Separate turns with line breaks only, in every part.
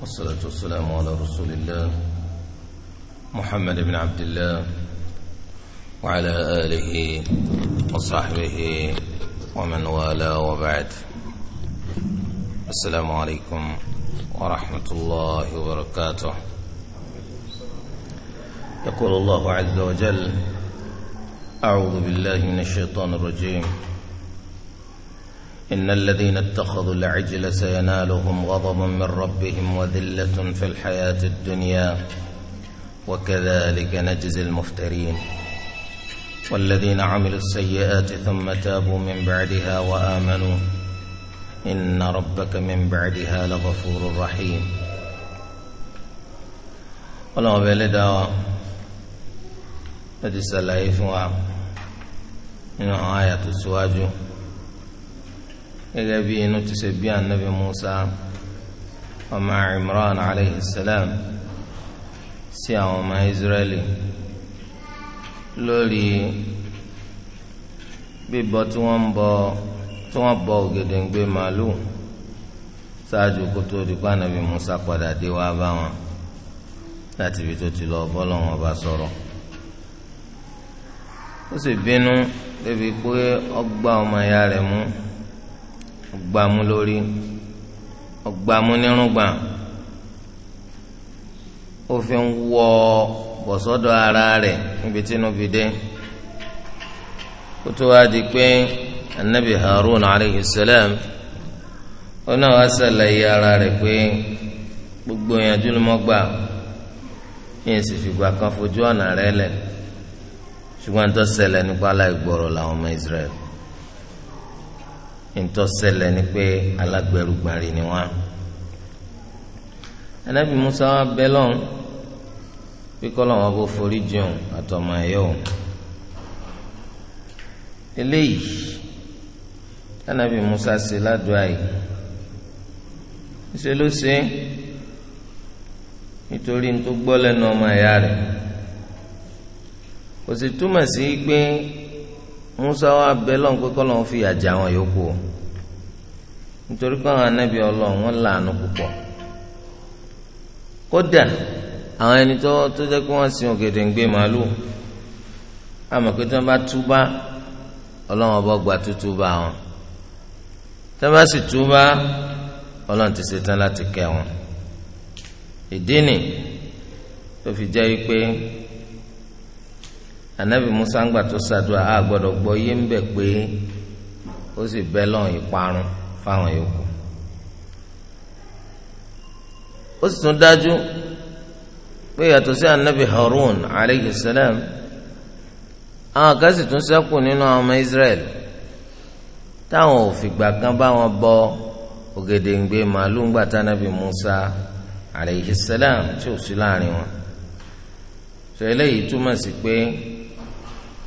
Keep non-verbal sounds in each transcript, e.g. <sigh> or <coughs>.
والصلاة والسلام على رسول الله محمد بن عبد الله وعلى آله وصحبه ومن والاه وبعد السلام عليكم ورحمة الله وبركاته يقول الله عز وجل أعوذ بالله من الشيطان الرجيم إن الذين اتخذوا العجل سينالهم غضب من ربهم وذلة في الحياة الدنيا وكذلك نجزي المفترين والذين عملوا السيئات ثم تابوا من بعدها وآمنوا إن ربك من بعدها لغفور رحيم ولو ọba ẹlẹ́dàá wa ẹ آية ṣàlàyé gẹ́gẹ́ bí inú ti ṣe bí anabi musa ọmọ imran alayhi salam sí àwọn ọmọ israẹli lórí bíbọ tí wọ́n bọ tí wọ́n bọ ògèdèǹgbè màálù ṣáájú kó tó di pa anabi musa padà dé wá bá wọn láti ibi tó ti lọ bọ́lọ́wọ́n bá sọ̀rọ̀ ó sì bínú débi pé ọgbà ọmọ ìyá rẹ̀ mú. ọgbàmú lórí ọgbàmú nírúgbà ó fi ń wọ bọ̀sọ́dọ̀ ara rẹ̀ níbi tí inú fi dé kó tó wá di pé anabi harun alayhi salam ó náà wá ara rẹ̀ pé gbogbo ìyànjú ló mọ́ gbà sì fìgbà kan fojú ọ̀nà rẹ̀ lẹ̀ ṣùgbọ́n tó nípa làwọn ọmọ ntọ́sẹ̀lẹ̀ ni pé alágbẹ̀rùgbàrì ni wọ́n. anabi musa bẹ́lọ̀n kíkọ́ làwọn bó forí jẹun àtọmọ ẹ̀yọ́ o. eléyìí anabi musa ṣe ládùá yìí ṣe ló ṣe nítorí tó gbọ́ lẹ́nu ọmọ ẹ̀yà rẹ̀ kò sì túmọ̀ sí pé musa wa bẹ lọ́n pé kọ́lọ́n fi àjà wọn yòókù o nítorí pé àwọn anábì ọlọ́run wọn làánú púpọ̀ kódà àwọn ẹni tó tó jẹ́ pé wọ́n sin òkèdè ń gbé màálù àmọ́ pé tí wọ́n bá túbá ọlọ́run ọba gba tútú bá wọn tí wọ́n bá sì túbá ọlọ́run ti ṣetán láti kẹ́ wọn ìdí nì tó fi jẹ́ pé anabi musa ń gbà tó ṣàdúrà á gbọ́dọ̀ gbọ́ yé ń bẹ pé ó sì bẹ lọ́run ìparun fáwọn yòókù ó sì tún dájú pé yàtọ̀ sí anabi harun aleyhi salam àwọn kan sì tún ṣẹ́kù nínú àwọn ọmọ israel táwọn ò fìgbà kan bá wọn bọ ògèdèǹgbè màálù ńgbà tánabi musa aleyhi salam tí ò sí láàrin wọn sọ eléyìí túmọ̀ sí pé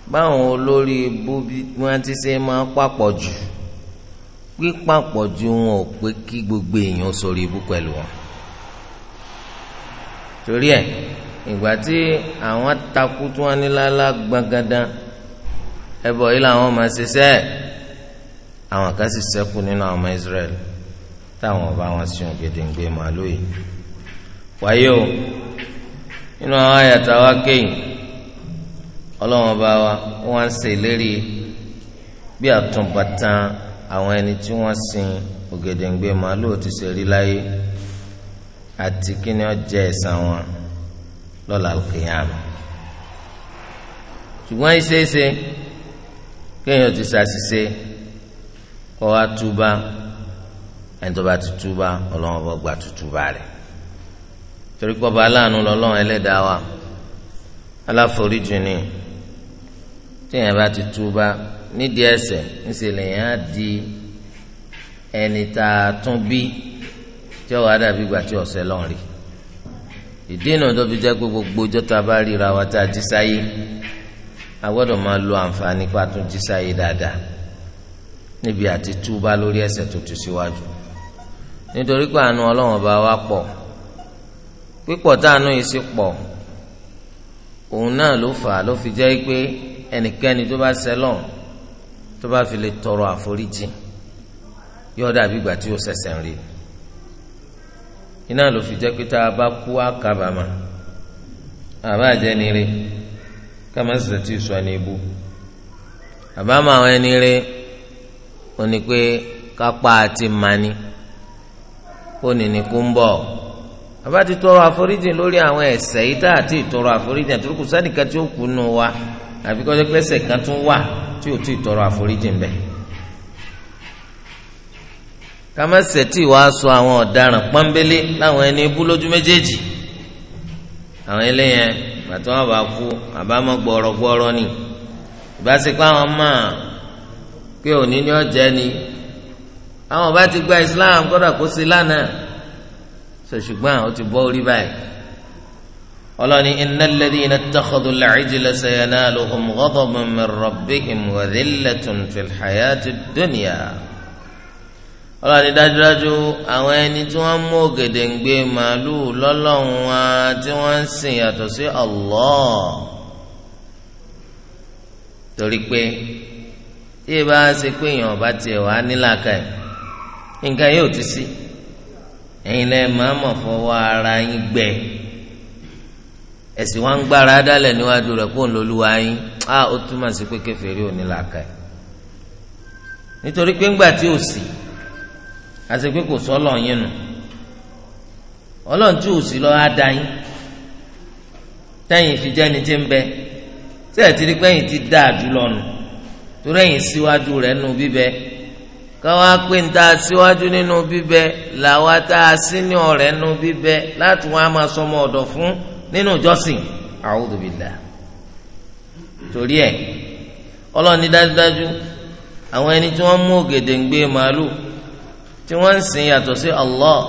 báwọn olórí ibú wọn ti ṣe máa papọ̀ jù pípapọ̀ jù wọn ò pé kí gbogbo èèyàn sórí ibú pẹ̀lú wọn torí ẹ̀ ìgbà tí àwọn takú tí wọn ní lálá gbọ̀ngàdán ẹbọ yìí làwọn máa ṣiṣẹ́ àwọn kan sì ṣẹ́kù nínú àwọn ọmọ Israẹli táwọn ọba wọn sì ń gbèdéǹgbè màálù yìí wáyé o nínú àwọn àyàtà wa kéyìn ọlọ́wọ́n bá wa wọ́n ń ṣèlérí bí àtúnbàtàn àwọn ẹni tí wọ́n sin ògèdèǹgbè màálù ti ṣe rí láyé àti kí ni ó jẹ́ ẹ̀san wọn lọ́la al-qiyama ṣùgbọ́n ìṣeéṣe kéèyàn ti ṣàṣìṣe kọ́ wa túbá ẹni tó bá ti túbá ọlọ́wọ́n bá gba túbá rẹ̀ torí kọ́ aláàánú lọ́lọ́run ẹlẹ́dàá wa aláforíjì ni tíyẹn bá ti túba nídìí ẹ̀ṣẹ̀ ńṣẹlẹ̀ yẹn á di ẹni tá a tún bí tí ọwọ́ àdàbí gbà tí ọ̀sẹ̀ lọ́n rí ìdí ìnà tó fi jẹ́ pé gbogbo ọjọ́ tá a bá ríra wa tá a jí sáyé a gbọ́dọ̀ máa lo àǹfààní pa tún jí sáyé dáadáa níbi àti túba lórí ẹ̀ṣẹ̀ tó ti síwájú nítorí pé àánú ọlọ́run ọba wa pọ̀ pípọ̀ tá àánú yìí sí pọ̀ òun náà ló fà á ló fi jẹ́ pé ẹnikẹ́ni tó bá sẹ́lọ̀n tó bá fi lè tọrọ àforíjì yóò dàbí ìgbà tí ó ṣẹ̀ṣẹ̀ ń rí iná ló fi jẹ́ pé tá a bá kú àkàbàmà àbá àjẹni rí kámẹ́sì tí ì sọ ẹni ibú àbámọ̀ àwọn ẹni rí ó ní pé kápá àti mani ó ní ní kó ń bọ̀ àbá ti tọrọ àforíjì lórí àwọn ẹ̀ṣẹ̀ yìí tá àti ìtọrọ àforíjì àtúrúkù sẹ́nìkan tí ó kú nù wa àbí kọjá pẹ́sẹ̀ kan tún wà tí ò tí ì tọrọ àforíjì ńbẹ. kàmẹ́sẹ̀ tí wàá sọ àwọn ọ̀daràn pọ́nbélé láwọn ẹni ibú lójú méjèèjì àwọn eléyẹn bàtà wọn bá kú àbámọ̀ gbọ́rọ̀gbọ́rọ̀ ni ìbáṣepọ̀ àwọn mọ̀ pé òní ni ọ̀jẹ̀ ni àwọn bá ti gba Islam kọ́dà kó sí lánàá ṣùgbọ́n ó ti bọ́ orí báyìí ọlọ́ni innal ladhina ittakhadhu al-'ijla sayanaluhum ghadabun min rabbihim wa dhillatun fil hayati dunya ọlọ́ni dájúdájú àwọn ẹni tí wọ́n mú ògèdèǹgbè màálùú lọ́lọ́run wa tí wọ́n ń sìn yàtọ̀ sí Allah torí pé tí ẹ bá ṣe pé èèyàn ọba tiẹ̀ wá nílàkà ẹ̀ nǹkan yóò ti sí ẹ̀yin lẹ́ẹ̀ máa mọ̀ fọwọ́ ara yín gbẹ ẹ̀sìn wa ń gbára dálẹ̀ níwájú rẹ̀ kó ń lo olúwa yín á ó túmọ̀ sí pé kèfèrí ò ní làákà yìí nítorí pé ńgbà tí ò sí àti pé kò sọ ọlọ́run yín nù ọlọ́run tí ò sí lọ́ á da yín tẹ́yìn fi jẹ́ni tí ń bẹ tí ẹ̀ ti rí pẹ́yìn ti dá àdúlọ́ torí ẹ̀yìn síwájú rẹ̀ nù bíbẹ káwá pé ń ta síwájú nínú bíbẹ làwa tá a sí nù bíbẹ láti wọn á máa sọmọ ọ̀dọ̀ fún nínú ìjọsìn a'udhu billah torí ẹ ọlọ́ọ̀ni dájúdájú àwọn ẹni tí wọ́n mú ògèdèǹgbé màálù tí wọ́n ń sìn yàtọ̀ sí Allah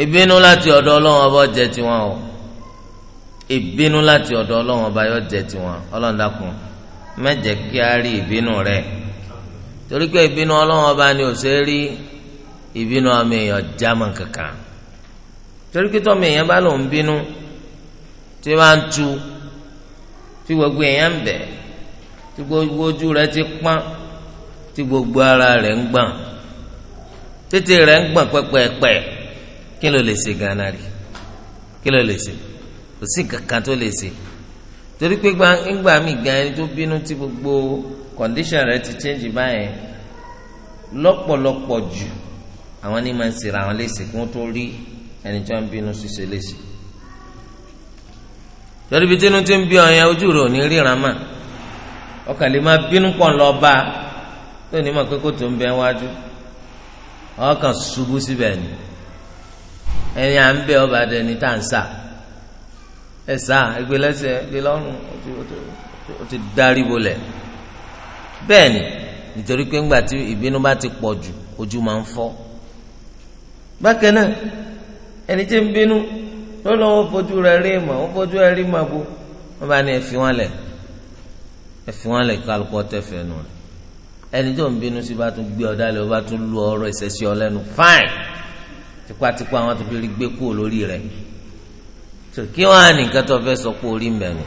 ìbínú láti ọ̀dọ̀ ọlọ́run ọba jẹ́ tiwọn o ìbínú láti ọ̀dọ̀ ọlọ́run ọba yóò jẹ́ tiwọn ọlọ́run a rí ìbínú torí pé ìbínú ọba ni ò ìbínú ọmọ èèyàn jámọ́ kankan torí pé tọ́mọ èèyàn bá lòun bínú tí wọ́n á ń tu tí gbogbo èèyàn ń bẹ̀ tí gbogbo ojú rẹ̀ ti pọ́n tí gbogbo ara rẹ̀ ń gbọ̀n tètè rẹ̀ ń gbọ̀n pẹ́pẹ́pẹ́ kí ló lè ṣe gánà rí kí ló lè ṣe kò sí kankan tó lè ṣe torí pé ńgbà mí gan ẹni tó bínú tí gbogbo kọ̀ǹdíṣàn rẹ̀ ti change báyẹn lọ́pọ̀lọpọ̀ jù àwọn ní máa ń sèrè àwọn léṣe kí wọ́n tó rí ẹni tí wọ́n ń bínú ṣiṣẹ́ léṣe. lórí ibi tínú ti ń bí ọyàn ojú rẹ̀ ò ní ríran mà ọkàn lè máa bínú pọ̀ ń lọ bá a tó ní mọ̀ pé kó tó ń bẹ wájú ọkàn ṣubú síbẹ̀ ni ẹni à ń bẹ ọba dẹni tá à ń sà ẹ sà ẹgbẹ́ lẹ́sẹ̀ ẹgbẹ́ lọ́rùn ó ti darí bolẹ̀ bẹ́ẹ̀ nítorí pé ńgbà tí ìbínú bá ti pọ̀ jù ojú máa ń fọ́ bákan náà ẹni tí ń bínú lọ́lọ́ wọn fojú rẹ̀ rí mà wọn fojú rẹ̀ rí mà bó wọn bá ní ẹ̀fín wọn lẹ̀ ẹ̀fín wọn lẹ̀ kálukú ọ̀tẹ̀fẹ̀ nù rẹ̀ ẹni tó ń bínú sí bá tún gbé ọ̀dà lẹ̀ ó bá tún lu ọ̀rọ̀ ìṣẹ̀ṣẹ̀ ọlẹ́nu fáìn tipatipa àwọn tó fi rí gbé kúrò lórí rẹ̀ tó kí wọn á nìkan tó fẹ́ sọ pé orí mẹ́rin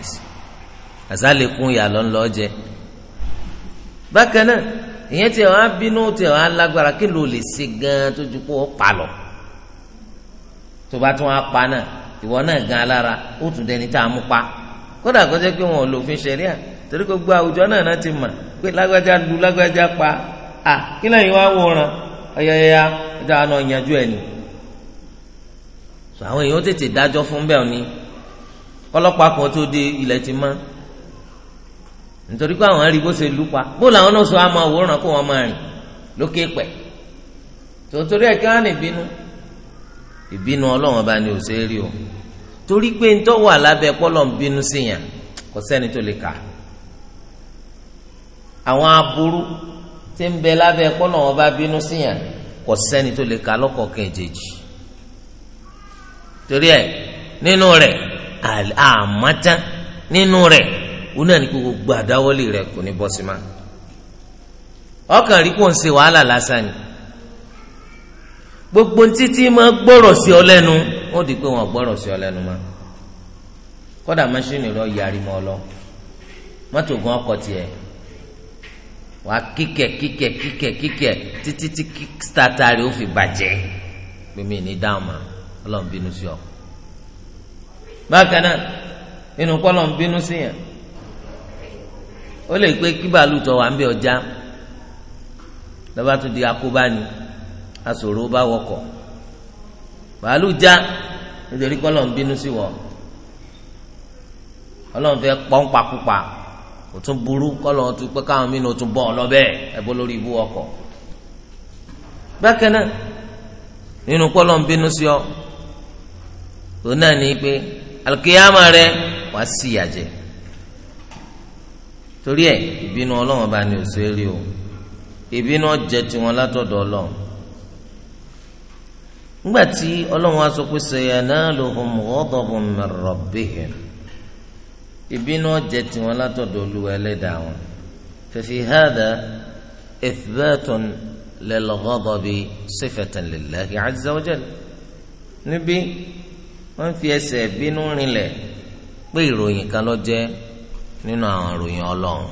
ìyẹn tí wọn á bínú tí wọn á lágbára kí ló lè ṣe gan tó ju kó pa lọ tó bá tún wá pa náà ìwọ náà gan alára ó tún dẹni tá a mú pa kódà kó jẹ́ pé wọn ò lòfin ṣẹ̀ríà torí kó gbọ́ àwùjọ náà náà ti mà pé lágbájá lu lágbájá pa à kí lẹ́yìn wá wòran ọ̀yọ̀yọ̀yà ẹ̀dá àná ìyànjú ẹ̀ ni sọ àwọn èèyàn tètè dájọ́ fún bẹ́ẹ̀ ni ọlọ́pàá kan tó dé ilẹ̀ ti mọ́ nítorí pé àwọn rí bó ṣe lù pa bó làwọn náà sọ àmọ́ àwòrán kó wọn máa rìn lókè pẹ̀ tòótórí ẹ̀ kí wọ́n á nì bínú ìbínú ọlọ́run bá ní òsè rí o torí pé ntọ́ wà lábẹ́ pọ́lọ̀ ń bínú sí yàn kò sẹ́ni tó lè kà àwọn aburú tí ń bẹ lábẹ́ pọ́lọ̀ wọn bá bínú sí yàn kò sẹ́ni tó lè kà lọ́kọ̀ọ̀kan ìjèjì torí ẹ nínú rẹ̀ àmọ́tán nínú rẹ̀ òun náà ní kó gbogbo àdáwọ́lé kò ní bọ́ sí ma ọkàn rí kó ń ṣe wàhálà lásán ni gbogbo títí máa gbọ́rọ̀ sí ọ lẹ́nu ó di pé wọn gbọ́rọ̀ sí ọ lẹ́nu mọ́ kódà mọ́ṣínì rẹ yarí mọ́ ọ lọ mọ́tò gan ọkọ̀ tiẹ̀ wàá kíkẹ̀ kíkẹ̀ kíkẹ̀ kíkẹ̀ títí tí kíkítàtà rẹ ó fi bàjẹ́ gbèmí ní dáhùn mọ́ ọlọ́run bínú sí ọ. bákan náà inú kọ́lọ̀ ń bínú sí yẹn ó lè pé kí tọ̀ wá ń bẹ ọjà lọ́ba tó di akóbá ni asòro bá wọkọ̀ bàálù já nítorí pé ọlọ́run bínú sí wọ ọlọ́run fẹ́ pọ́npakúpa kò tún burú kọ́lọ́run tún pé káwọn mí ni o tún bọ́ ọ lọ bẹ́ẹ̀ ẹ bó lórí ibú ọkọ̀ bákan náà nínú kọ́lọ́run bínú sí ọ òun náà ní pé alùkìyàmà rẹ wàá sí ìyàjẹ́ torí ẹ ìbínú ọlọ́run bá ní òṣèré o ìbínú ọjẹ́ tiwọn látọ̀dọ̀ ọlọ́run ngbàtí ọlọ́run wa sọ pé sayanaluhum ghadabun min rabbihim ìbínú ọ̀jẹ̀ tiwọn látọ̀dọ̀ olúwa ẹlẹ́dàá wọn fẹ̀fì hàdà ithbatun lil ghadabi sifatan lillahi azza wa jalla níbí wọ́n fi ẹsẹ̀ ìbínú rinlẹ̀ pé ìròyìn kan ló jẹ́ nínú àwọn ìròyìn ọlọ́run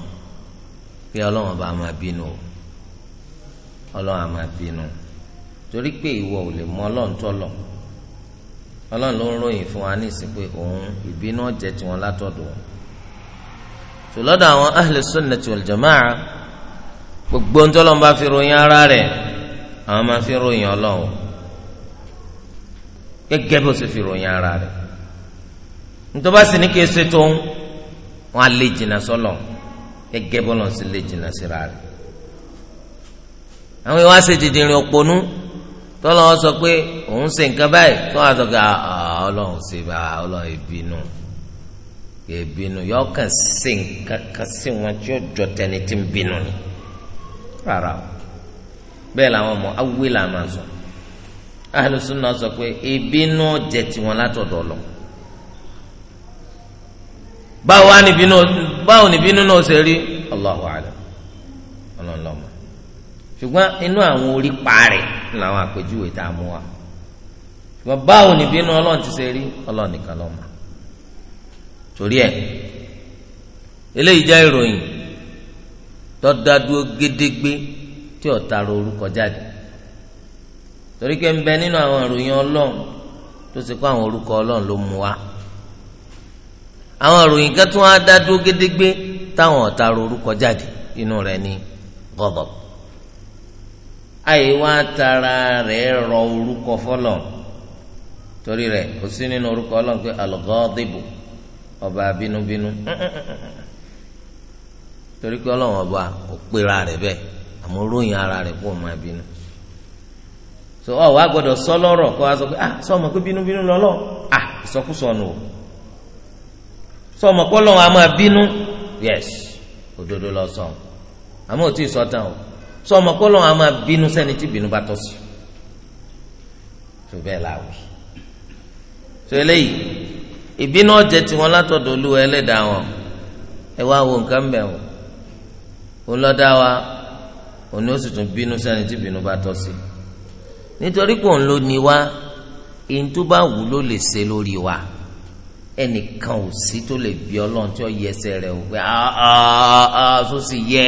pé ọlọ́run bá máa bínú ọlọ́run á máa bínú torí pé ìwọ ò lè mọ ọlọ́run tọ́lọ̀ ọlọ́run ló ń ròyìn fún wa nísìn pé òun ìbínú ọ̀jẹ̀ tiwọn látọ̀dọ̀ wọn. tòlọ́dọ̀ àwọn ahlu sunnati wal jamaa gbogbo ntọ́lọ́n bá fi ròyìn ara rẹ̀ àwọn máa fi ròyìn ọlọ́run gẹ́gẹ́ bó ṣe fi ròyìn ara rẹ̀ ntọ́ba sì ní kí ese tó ń wọn lè jìnnà sọ́lọ̀ gẹ́gẹ́ bọ́lọ̀ sí lè jìnnà síra rẹ̀ àwọn ìwà dìdìrín òpònú. tọ́lọ́ sọ pé òun ṣe nǹkan báyìí tó wàá sọ pé ah, ah, ọlọ́run ṣe bá ọlọ́run ìbínú ìbínú yọ kàn ṣe nǹkan kan sí wọn tí ó jọ tẹni tí ń ni rárá o bẹ́ẹ̀ ọmọ awé là máa sọ alùsùn sọ pé ìbínú jẹ tiwọn látọ̀dọ̀ lọ báwo ni bínú báwo ni bínú náà ṣe rí ṣùgbọ́n inú àwọn orí pa làwọn àpèjúwe tá a mú wa ṣùgbọ́n báwo ni bínú ọlọ́run ti ṣe rí ọlọ́run nìkan ló mọ̀ torí ẹ̀ eléyìí jẹ́ ìròyìn tọ́dádúró gédégbé tí ọ̀tá ro orúkọ jáde torí pé ń bẹ nínú àwọn ìròyìn ọlọ́run tó ṣe kó àwọn orúkọ ọlọ́run ló mú wa àwọn ìròyìn kan tó wá dádúró gédégbé táwọn ọ̀tá ro orúkọ jáde inú rẹ̀ ni ghadab. àìwá tara rẹ̀ rọ orúkọ fọlọ́ torí rẹ̀ kò sí nínú orúkọ ọlọ́run pé alọ́gọ́dìbò ọba bínúbínú torí pé ọlọ́run ọba kò pera rẹ̀ bẹ́ẹ̀ àmọ́ ròyìn ara rẹ̀ kó máa bínú so ọ wá gbọ́dọ̀ sọ lọ́rọ̀ kó wá sọ pé ah sọ ma pé bínúbínú lọlọ ah ìsọkúsọ nù o sọ ma pé ọlọ́run a máa bínú yes òdodo lọ sọ àmọ́ òtí ìsọtàn o. sọ ọmọ kọ́ lọ́wọ́ a máa bínú sẹ́ni tí bínú bá tọ́ sí tó bẹ́ẹ̀ la wí. tó eléyìí ìbínú ọ̀jẹ̀ tí wọ́n látọ̀dọ̀ olú ẹlẹ́dàá wọn ẹ wá wo nǹkan bẹ̀ wọ́n ó lọ́dá wa òní ó sì tún bínú sẹ́ni tí bínú bá tọ́ sí nítorí kò ń lò ní wa èyí tó bá wù ló lè ṣe lórí wa ẹnìkan ò sí tó lè bí ọlọ́run tí ó yẹ ẹsẹ̀ rẹ̀ ò pé àà àà tó sì yẹ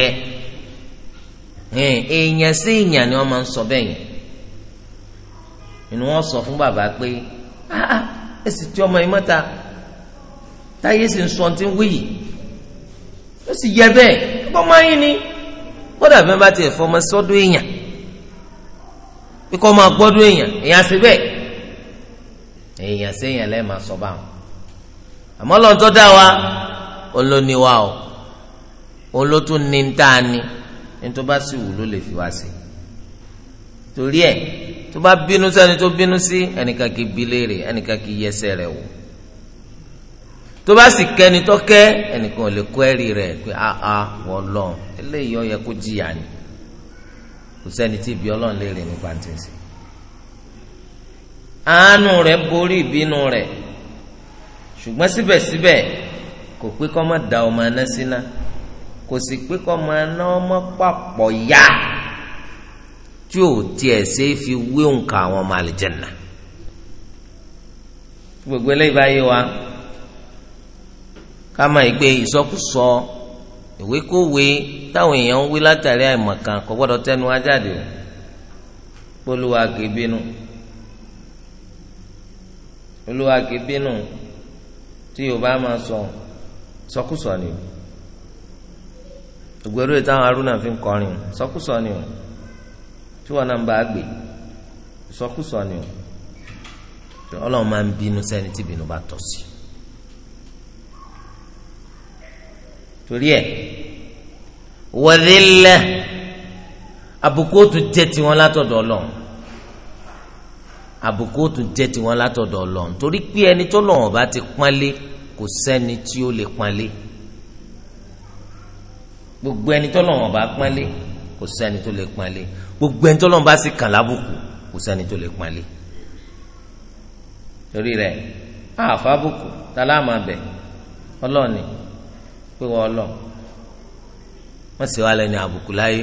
èèyàn sí èèyàn ni wọ́n máa ń sọ bẹ́ẹ̀ yẹn inú wọn sọ fún bàbá pé ah, ah, ẹ sì ti ọmọ yìí mọ́ta táyé sì ń sọ ti ń wí yìí ó sì yẹ bẹ́ẹ̀ gbọ́mọ yín ni kódà bí wọ́n bá tiẹ̀ fọmọ sọ́dún èèyàn bí kò gbọ́dún èèyàn èèyàn sí bẹ́ẹ̀ èèyàn sí èèyàn lẹ́ẹ̀ máa sọ báwọn àmọ́ lọ́n dá wa olóníwá o olótú ní ń tá a ní ẹni tó bá sì wù ló lè fi wá sí torí ẹ tó bá bínú sẹ́ni tó bínú sí ẹnìkan kì í bi léèrè ẹnìkan kì í yẹsẹ̀ rẹ̀ wò tó bá sì kẹ́ni tó kẹ́ ẹnìkan ò lè kó ẹ̀rí rẹ̀ pé àá wọ lọ́n eléyìí ó yẹ kó jìyà ni kò sẹ́ni tí ibi ọlọ́run léèrè nípa ti ń àánú rẹ̀ borí ìbínú rẹ̀ ṣùgbọ́n síbẹ̀síbẹ̀ kò pé kọ́ mọ́ da ọmọ aná síná. Si kò sì pé kọ́ máa ná ọmọ papọ̀ yá tí ò tiẹ̀ ṣe é fi wé òǹkà àwọn ọmọ àlìjẹ̀nà gbogbo eléyìí bá yé wa ká máa gbé ìsọkúsọ ìwékòwé táwọn èèyàn ń wí látàrí àìmọ̀kan kò gbọ́dọ̀ tẹnu wá jáde o polówó akébínú polówó akébínú tí yorùbá máa sọ sọkúsọ nìyí ògbèrú ìtàn Haruna fi ń kọrin sọkúsọ ni o tí wọn náà ń bá a gbé sọkúsọ ni o Ọlọ́run máa ń bínú sẹ́ni tí bínú bá tọ́ sí torí ẹ wọlélẹ àbùkù ó tún jẹ tiwọn látọ̀dọ̀ Ọlọ́run àbùkù ó jẹ tiwọn látọ̀dọ̀ Ọlọ́run torí pé ẹni tó lọ́run bá ti pọ́nlé kò sẹ́ni tí ó lè pọ́nlé gbogbo ẹni tọ́lọ́wọ́n bá pọ́nlé kò sẹ́ni tó lè pọ́nlé gbogbo ẹni tọ́lọ́wọ́n bá sì kàn lábùkù kò sẹ́ni tó lè pọ́nlé torí rẹ̀ àfàbùkù tálámà bẹ̀ ọlọ́ọ̀ni pé wọ́n lọ wọ́n sì wá lẹ́ni àbùkù láyé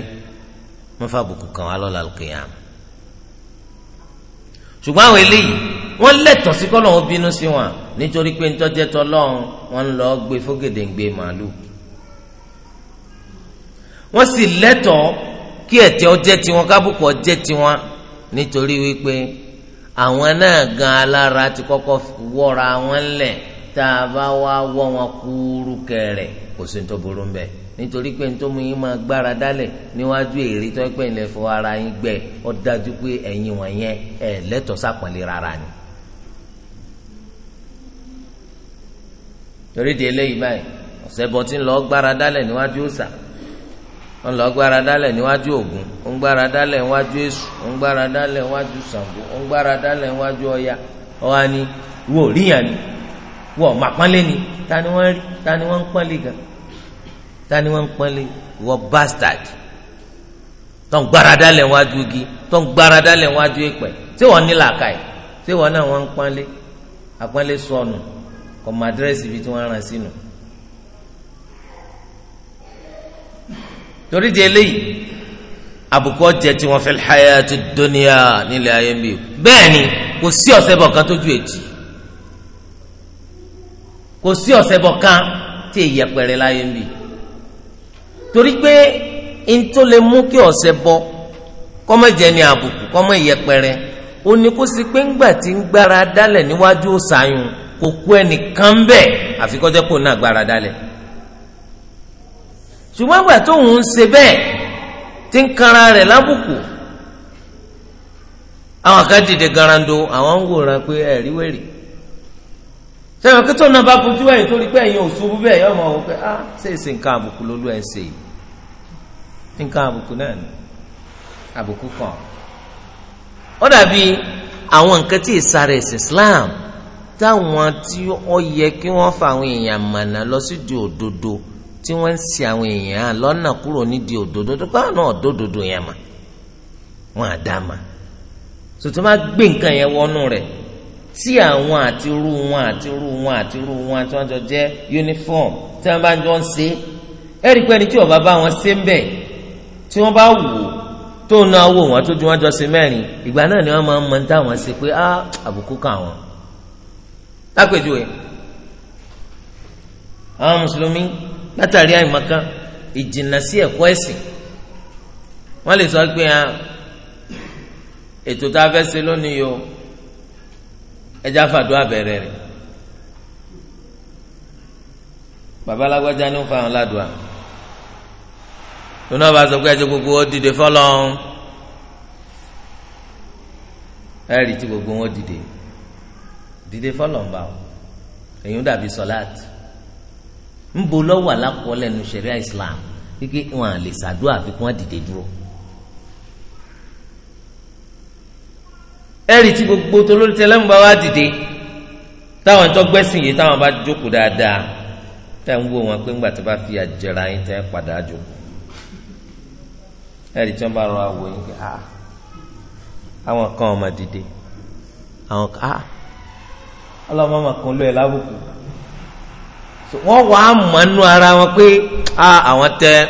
wọ́n fà àbùkù kàn wá lọ́la lùkìyàmù ṣùgbọ́n àwọn eléyìí wọ́n lẹ́tọ̀ọ́ sí kọ́lọ́hún bínú sí wọn nítorí pé ń tọ́jẹ́ tọ́lọ́hún wọ́n lọ gbé fógèdèǹgbè màálù wọ́n sì lẹ́tọ̀ọ́ kí ẹ̀tẹ́ ọjẹ́ tiwọn kábùkù ọjẹ́ tiwọn nítorí wípé àwọn náà gan alára ti kọ́kọ́ wọ́ra wọn lẹ̀ tá a bá wá wọ́ wọn kúrú kẹrẹ̀ kò sí ní tó burú ń bẹ́ẹ̀ nítorí pé nítorí mo yín máa gbára dálẹ̀ níwájú èrè tó pé ilẹ̀ fọ ara yín gbẹ ọ dájú pé ẹ̀yin wọ̀nyẹn ẹ̀ lẹ́tọ̀ọ́ sàpọ̀nlé rárá ni. torí de eléyìí báyìí ọ̀sẹ̀ bọ́ ń lọ gbára dálẹ̀ níwájú òòsà wọn lọ gbára dálẹ̀ níwájú Ògún ó ń gbára dálẹ̀ níwájú Èṣù ó ń gbára dálẹ̀ níwájú Ṣàngó ó ń gbára dálẹ̀ níwájú Ọya ọwa ni wọ́n ò ríyàn ni wọ́n ò máa pọ́nlé ni ta ni wọ́n rí ta ni wọ́n ń pọ́nlé gan ta ni wọ́n ń pọ́nlé wọ́n bastard tó ń gbára dálẹ̀ níwájú igi tó ń gbára dálẹ̀ níwájú ìpẹ́ tí wọ́n ní làákàyè tí wọ́n náà wọ́n ń pọ́nlé àpọ́nlé sọnù kọ̀mọ̀ àdírẹ́sì ibi tí wọ́n rán sínú. torí di eléyìí àbùkù ọ̀jẹ̀ tí wọ́n fil hayatid dunya nílẹ̀ ayé mi bẹ́ẹ̀ ni kò sí ọ̀sẹ̀bọ̀ kan tójú èjì kò sí ọ̀sẹ̀bọ̀ kan tí èyí ẹ̀pẹ̀rẹ̀ láyé mi torí pé ntó lè mú kí ọ̀sẹ̀bọ̀ kọ́mọ̀jẹ̀ ni àbùkù kọ́mọ̀ ìyẹpẹ̀rẹ̀ ó ní kó sì pé ńgbà tí ń gbára dálẹ̀ níwájú òsàyùn kò kú ẹnìkan bẹ́ẹ̀ àfikọ́jẹ́ kò náà gbára dálẹ̀ ṣùgbọ́n ìgbà tóun ń ṣe bẹ́ẹ̀ ti ń kanra rẹ̀ lábùkù àwọn kan dìde garando àwọn ń wòran pé ẹ̀rí wẹ̀rì sẹ́wọ̀n kí tóun náà bá fojú ẹ̀yìn tó rí pé ẹ̀yìn òṣùwò bẹ́ẹ̀ yọ̀ mọ̀ wọ́n pé ah ṣe é ṣe nǹkan àbùkù lólu ẹ̀ ṣe yìí nǹkan àbùkù náà ni àbùkù kan ó dàbí àwọn nǹkan tí ìsàrẹ̀ ẹ̀sìn Islam táwọn tí ó yẹ kí wọ́n fa àwọn èèyàn mọ̀nà lọ sí di òdodo tí wọ́n ń sin àwọn èèyàn lọ́nà kúrò nídìí òdodo tó kọ́ náà òdodo yẹn mà wọ́n á dá mà tuntun bá gbé nǹkan yẹn wọnú rẹ̀ tí àwọn àti irú wọn àti irú wọn àti irú wọn tí wọ́n jọ jẹ́ uniform tí wọ́n bá jọ ń ṣe é rí i pé ẹni tí ó bá bá wọn ṣe ń bẹ̀ tí wọ́n bá wò ó tó ń náà wò wọ́n tó ju wọ́n jọ ṣe mẹ́rin ìgbà náà ni wọ́n máa ń mọ táwọn ṣe pé á àbùkù kà wọ́n. lápèjúwe àwọn mùsùlùmí látàrí àìmọ̀kan ìjìnnà sí ẹ̀kọ́ ẹ̀sìn wọ́n lè sọ pé hàn ètò tá a fẹ́ ṣe lónìí yìí ẹja fàdúrà bẹ̀rẹ̀ rẹ̀ babalágbájá ni fa àwọn ládùá lónà bá sọ pé ẹjẹ gbogbo ó dìde fọlọ́n ẹ̀rì tí gbogbo wọn dìde dìde fọlọ́n bá wọn dàbí sọláàtì ń bo lọ́wọ́ alákọ̀ọ́lẹ̀ nu sẹ̀ríà islam kíkẹ́ wọn à lè ṣàdúrà àfi kí wọ́n dìde dúró. ẹ̀rì tí gbogbo tolórí tẹlẹ́mù bá wá dìde táwọn ẹ̀tọ́ gbẹ́sìn yìí táwọn bá jókòó dáadáa tẹ̀ ń wo wọn pé ńgbà tó bá fi àjẹrà yín tẹ́ padà jókòó. ẹ̀rì tí wọ́n bá rọra wò yín kí a ah, àwọn kan ọmọ dìde àwọn kan a ah, ọlọ́mọ ọmọ kan ló ẹ̀ lábùkù wọ́n wà á mọ̀nú ara wọn pé àwọn tẹ́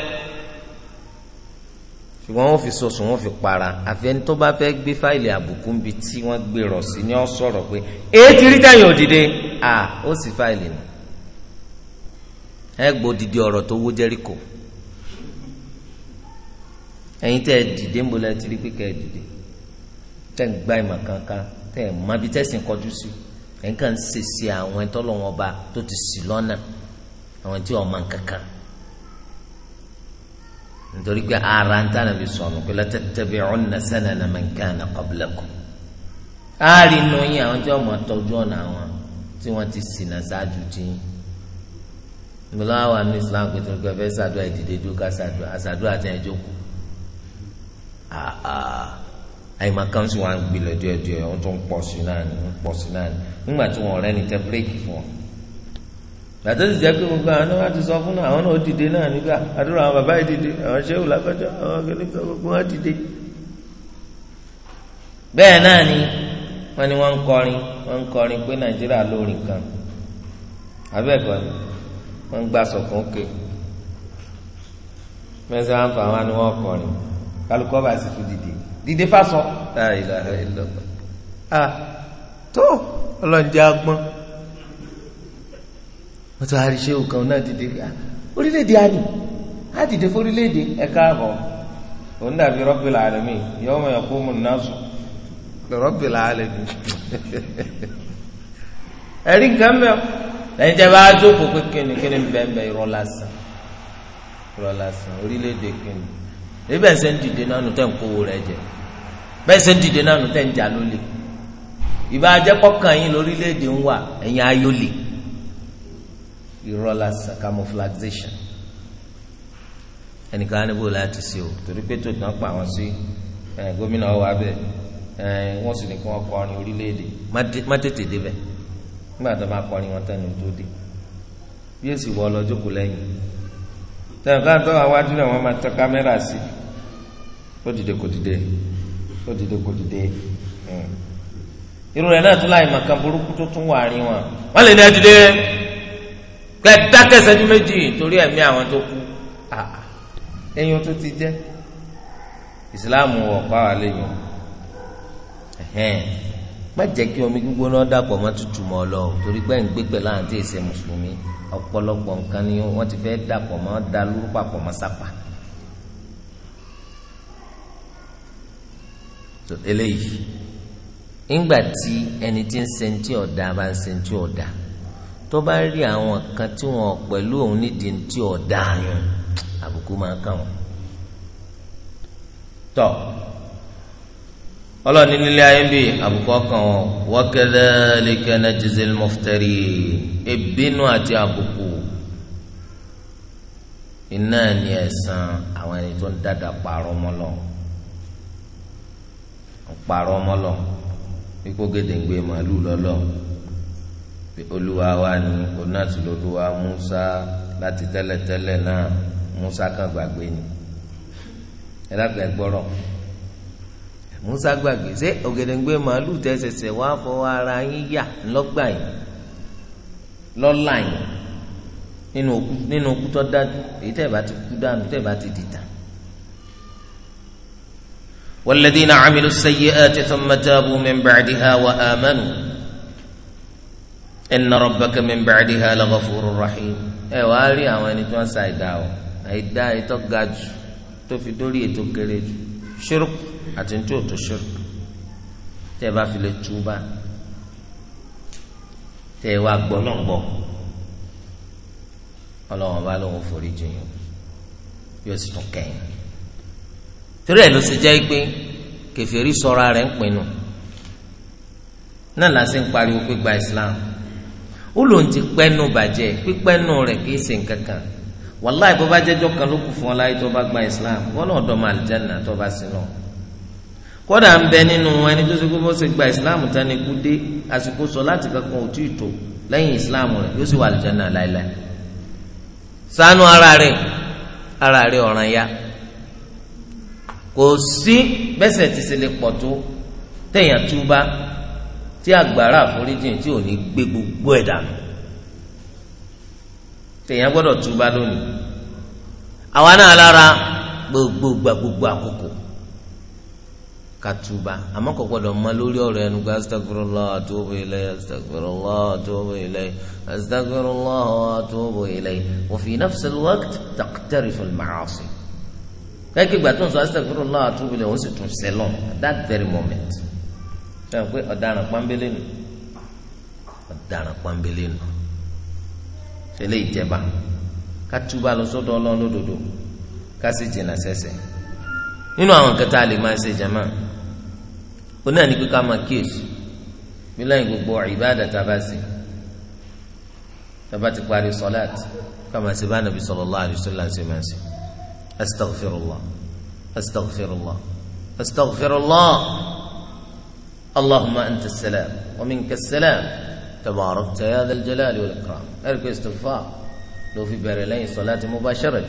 ṣùgbọ́n wọ́n fi sọ̀sùn wọ́n fi para àfẹni tó bá fẹ́ gbé fáìlì àbùkù níbi tí wọ́n gbé rọ̀ sí ni ó sọ̀rọ̀ pé èyí ti rí tẹ̀yìn òdìdé à ó sì fáìlì nù ẹ gbòdìdì ọ̀rọ̀ tó wó jẹ́ríkò ẹ̀yin tẹ́ ẹ dìde ń bolẹ̀ tìrí pé kẹ́ ẹ dìde tẹ́ ń gbá ìmọ̀ kankan tẹ́ ẹ mọ ibi tẹ́sìn kọjú sí i. ẹ̀ka ń àwọn ẹ̀tọ́lọ́wọ́n ọba tó ti ṣì lọ́nà àwọn tí ọmọ kankan nítorí pé ara ń tànà bí sọnù pé latattabi'unna sanana man kana qablakum áàrí inú yín àwọn tí ọmọ tọjú ọ̀nà àwọn tí wọ́n ti ṣìnà ṣáájú tí ìmọ̀lá wà ní Islam pé fẹ́ ìdìde àti kù àyìnbá kan sì wọn gbilẹ̀ díẹ̀díẹ̀ wọn tún pọ̀ sí náà ni wọn pọ̀ náà ni nígbà tí wọn ọ̀rẹ́ ni tẹ bírèkì fún wọn. gbàtọ́ sì jẹ́ pé gbogbo àwọn náà ti sọ fún náà àwọn náà ó dìde náà nígbà àdúrà àwọn bàbá yìí dìde àwọn ṣéwù lágbájá àwọn gbogbo bẹ́ẹ̀ náà ni wọ́n ní wọ́n ń kọrin wọ́n ń kọrin pé nàìjíríà kan abẹ́ẹ̀kọ́ ni wọ́n ń gbà mẹ́sàn-án dìde fásọ. tó ọlọ́njẹ́ agbọ́n wọ́n tún àríṣe òkan náà dìde orílẹ̀-èdè àná á dìde fórílẹ̀-èdè ẹ̀ka àbọ̀ òun dàbí rabbil alamin yawma yaqumu an-nasu rabbil alamin <laughs> ẹ̀rí nǹkan mẹ́ lẹ́yìn tẹ́ bá jókòó pé kíni kíni bẹ́ẹ̀ irọ́ lásán irọ́ lásán orílẹ̀-èdè kíni ebí ẹ̀sẹ̀ ń dìde náà nù tẹ́ ń kówó rẹ̀ jẹ́ bẹ́ẹ̀ ṣe ń dìde náà nù tẹ́ ń jà lólè ìbá ajẹ́pọ̀kàn yín lórílẹ̀‐èdè ń wà ẹ̀yin ayólè irọ́ lásán camouflagization ẹnìkan á ní bó láti ṣe o torí pé tó tán pa àwọn sí gómìnà ọwọ́ abẹ wọ́n sì ní kí wọ́n kọrin orílẹ̀‐èdè má tètè débẹ̀ nígbà tó bá kọrin wọn tán tó dé bí èsì wọ ọlọ́jọ́ kò lẹ́yìn tẹ̀ka àwájú náà wọ́n máa tẹ kámẹ́rà sí ó dìde kò dìde ó dìde kò dìde irú rẹ̀ náà tún láì màkà burúkú tó tún wà rí wọn wọn lè ní ẹdìdẹ kẹta kẹsẹdún méjì torí ẹ̀mí àwọn tó kú ah, ah. ẹyin tó ti jẹ ìsìláàmù ọ̀pá wà lẹ́yìn má jẹ́ kí omi gbígbóná dàpọ̀ mọ́ tutù mọ́ lọ torí pé ń gbé pẹ̀lú àwọn tí èsè mùsùlùmí ọ̀pọ̀lọpọ̀ nǹkan ni wọ́n ti fẹ́ dàpọ̀ mọ́ dalú papọ̀ mọ́ sápà. eléyìí ńgbà tí ẹni tí ń sentí ọ̀dà bá ń sentí ọ̀dà tó bá rí àwọn kan tí wọn pẹ̀lú òun nídìí tí ọ̀dà yẹn àbùkù máa kàn wọ́n. tọ́ ọlọ́ọ̀ni nílé ayé bíi àbùkù ọkàn wọn wakadhalika najzil muftari ebínú àti àbùkù iná ni ẹ̀san àwọn ẹni tó ń dáadáa pààrọ̀ mọ́ lọ́wọ́ ọ̀pàrọ̀ ọmọ lọ ikú gédéǹgbé màálù lọ́lọ́ olúwa wa ni onáàtì lọ́lúwa Musa lati tẹ́lẹ̀tẹ́lẹ̀ náà Musa kan gbàgbé ni ẹ lágbàá Musa gbàgbé ṣé ògèdèǹgbé màálù tẹ́sẹ̀sẹ̀ wá fọwọ́ ara yín yà lọ́gbà yìí lọ́la yìí nínú òkú tó dájú èyí tẹ̀ bá ti kú dànù tẹ̀ bá ti dìtà والذين عملوا السيئات ثم تابوا من بعدها وآمنوا إن ربك من بعدها لغفور رحيم ẹ wàá rí àwọn ẹni tí wọn sa ìdá o àìdá ètò ga jù tó fi dórí ètò kéré jù ṣírùk àti ní tí ò tó ṣírùk tẹ ẹ bá fi lè túbà tẹ ẹ wá gbọ́ náà gbọ́ Ọlọ́run bá lóun forí jiyàn yóò sì tún kẹ́yìn. torí ẹ̀ ló ṣe jẹ́ pé kèfèrí sọra rẹ̀ ń pinnu náà pariwo pé islam ó lòun ti pẹ́nu bàjẹ́ pípẹ́nu rẹ̀ kì í ṣe nǹkan wàláì bó bá jẹ́jọ́ kan ló kù fún ọ gba islam wọn náà dọ̀ máa tó bá sí náà kódà ń bẹ nínú ẹni tó ṣe gba islam tani kú dé sọ láti kankan ò tí lẹ́yìn islam rẹ̀ yóò sì wà ara kò sí bẹ́sẹ̀ ti ṣe lè pọ̀ tó téèyàn túbá tí agbára àforíjìn tí ò ní gbé gbogbo ẹ̀ dànù téèyàn gbọ́dọ̀ túbá lónìí àwa náà lára gbogbo gba gbogbo àkókò ká túbá àmọ́ kò gbọ́dọ̀ mọ lórí ọ̀rọ̀ ẹnu gba astagfirullah atubu ilay astagfirullah atubu ilay astagfirullah atubu ilay wa fi nafsi al-waqt taqtarifu al-ma'asi kẹ́kẹ́ ìgbà tó ń sọ astaghfirullah àtúbù lẹ̀ ó sì tún sẹ́lọ̀ at that very moment fẹ́ràn pé ọ̀daràn pọ́nbélé nù ọ̀daràn pọ́nbélé nù tẹ́lẹ̀ ìjẹba ká túbà lọ sọ́dọ̀ ọlọ́run lódodo ká sì jìnnà sẹ́sẹ̀ nínú àwọn nǹkan tá a lè máa ṣe jama ó náà ní pé ká máa kíyèsí bí lẹ́yìn gbogbo ìbáàdà tá a bá ṣe tá a bá ti parí sọ́láàtì ká máa ṣe bá nàbí sallallahu alaihi wasallam ṣe máa ṣe. أستغفر الله أستغفر الله أستغفر الله اللهم أنت السلام ومنك السلام تباركت يا ذا الجلال والإكرام أركو استغفار لو في بير صلاة مباشرة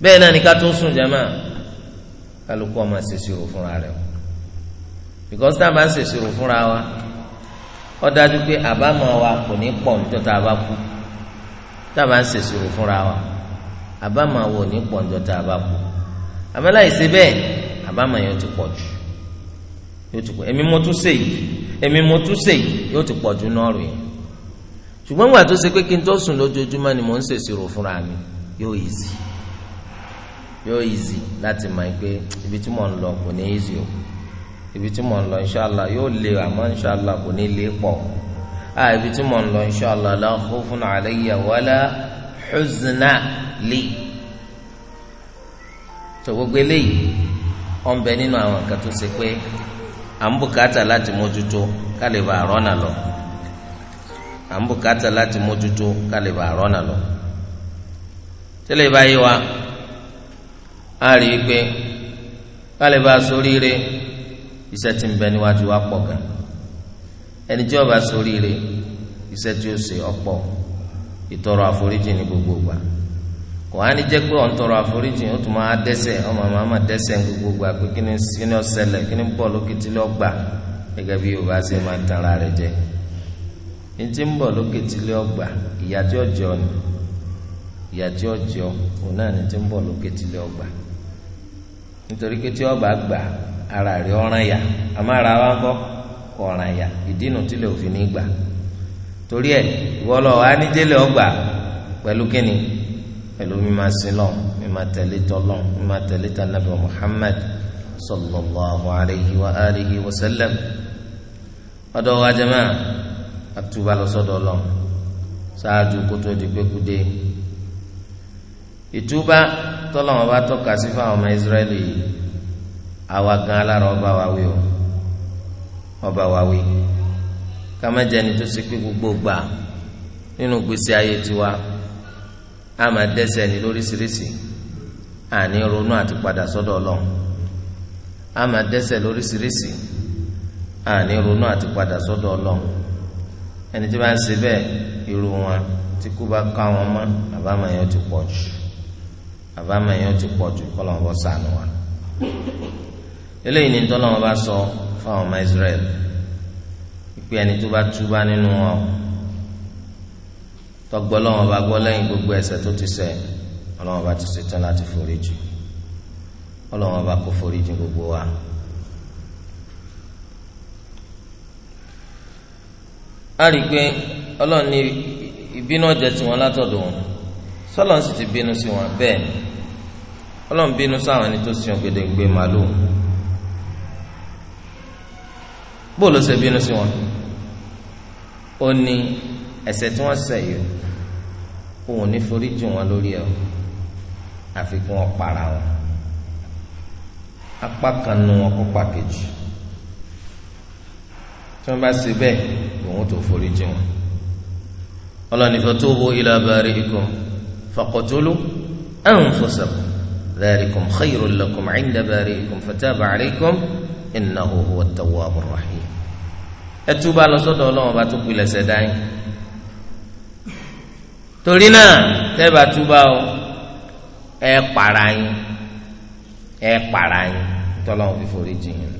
بينا نكاتو سن جماعة قالوا كوما سيسيرو فنرا رẹ̀ because tá سيسيرو bá ń ṣèṣirò fúnra wa ó dájú pé àbámọ̀ wa kò ní pọ̀ nítorí tá a bá kú tá a bá ń ṣèṣirò fúnra wa. Abamawo àwọn òní pọ̀njọ́ tá a bá kú àbáláyé ṣe bẹ́ẹ̀ yẹn ó ti pọ̀ jù yóò ti pọ̀ èmi mo tún ṣe yìí èmi mo tún ṣe yìí yóò ti pọ̀ jù náà rè ṣùgbọ́n gbà tó ṣe pé kí n tó sùn lójoojúmọ́ ni mò ń ṣèṣirò fúnra mi yóò easy yóò easy láti mọ̀ pé ibi tí mò ń lọ kò ní easy o ibi tí mò ń lọ inṣàlá yóò le àmọ́ inṣàlá kò ní le pọ̀ ah ibi tí mò ń lọ inṣàlá la khawfun alayya wala. huzna li tó gbogbo eléyìí ó bẹ nínú àwọn nǹkan tó ṣe pé à ń bùkátà láti mójútó ká lè lọ à ń wa a rí i pé ká lè bá a sóríire iṣẹ́ tí ń bẹ níwájú wa pọ̀ gan ẹni tí ìtọrọ àforíjì ní gbogbo gbà kò á ní jẹ́ pé ọ̀n tọrọ àforíjì ó tún máa dẹ́sẹ̀ dẹ́sẹ̀ ní gbogbo pé kí ni ó ṣẹlẹ̀ kí ni bọ́ lókè tí gẹ́gẹ́ bí Yorùbá ṣe máa tan ara rẹ̀ jẹ ní ń bọ̀ ni ìyá tí òun náà ni ń bọ̀ ara rẹ̀ ọ̀ràn yà ọ̀ràn torí ẹ ìwọ lọ anídélé ọgbà pẹ̀lú kíni pẹ̀lú mímá sílọ̀ mímá tẹ̀lé tọ́lọ̀ mímá tẹ̀lé tànàbí Muhammad sallallahu alayhi wa alihi wa sallam ọ̀dọ̀ wa jama atuba lọsọ́dọ̀ lọ ṣáájú kótó di pékúdé ìtúbà tọ́lọ̀ wọn bá tọ́ka sí fún àwọn ọmọ Israẹli yìí àwa gan alára ọba wa wí o ọba wa wí kàmájẹni tó ṣe pé gbogbo gbà nínú gbèsè ayé tiwa a máa dẹ́ṣẹ̀ ní lóríṣiríṣi àní ronú àti padà sọ́dọ̀ Ọlọ́run a máa dẹ́ṣẹ̀ lóríṣiríṣi àní ronú àti padà sọ́dọ̀ Ọlọ́run ẹni tí wọ́n ṣe bẹ́ẹ̀ irú wọn tí kú bá ká wọn mọ́ àbámayọ ti pọ̀ jù àbámayọ ti pọ̀ jù kọ́ lọ́wọ́ bọ́ sànù wa eléyìí ni tọ́lọ́wọ́ bá sọ fáwọn ọmọ Israẹli pé ẹni tó bá túbá nínú wọn tọgbọ lọ́wọ́ bá gbọ́ lẹ́yìn gbogbo ẹ̀ṣẹ̀ tó ti ṣẹ̀ Ọlọ́run bá ti ṣetán láti foríjì Ọlọ́run bá kó foríjì gbogbo wa. a rí i pé Ọlọ́run ní ìbínú ọjà tiwọn látọ̀dọ̀ wọn sọlọ́n sì ti bínú sí wọn bẹ́ẹ̀ Ọlọ́run bínú sáwọn ẹni tó sin ògèdè gbé màlúù bóòlù ṣe bínú sí wọn ó ní ẹ̀ṣẹ̀ tí wọ́n ṣẹ̀ yìí òun ò ní forí jù wọ́n lórí ẹ̀ àfi kí wọ́n para wọn apá kan nu wọn kó pa kejì tí wọ́n bá ṣe bẹ́ẹ̀ òun tó forí jù wọ́n ọlọ́ni fatubu ila bari'ikum faqtulu anfusakum dhalikum khayrun lakum 'inda bari'ikum fataba 'alaykum innahu huwa at-tawwabur rahim ẹtúbà lọ sọ́dọ̀ Ọlọ́run ọba tó pilẹ̀ ṣẹ̀dá yín torí náà tẹ́ẹ̀bà túbà o ẹ para yín ẹ para yín tọ́lọ́run fi forí jì yín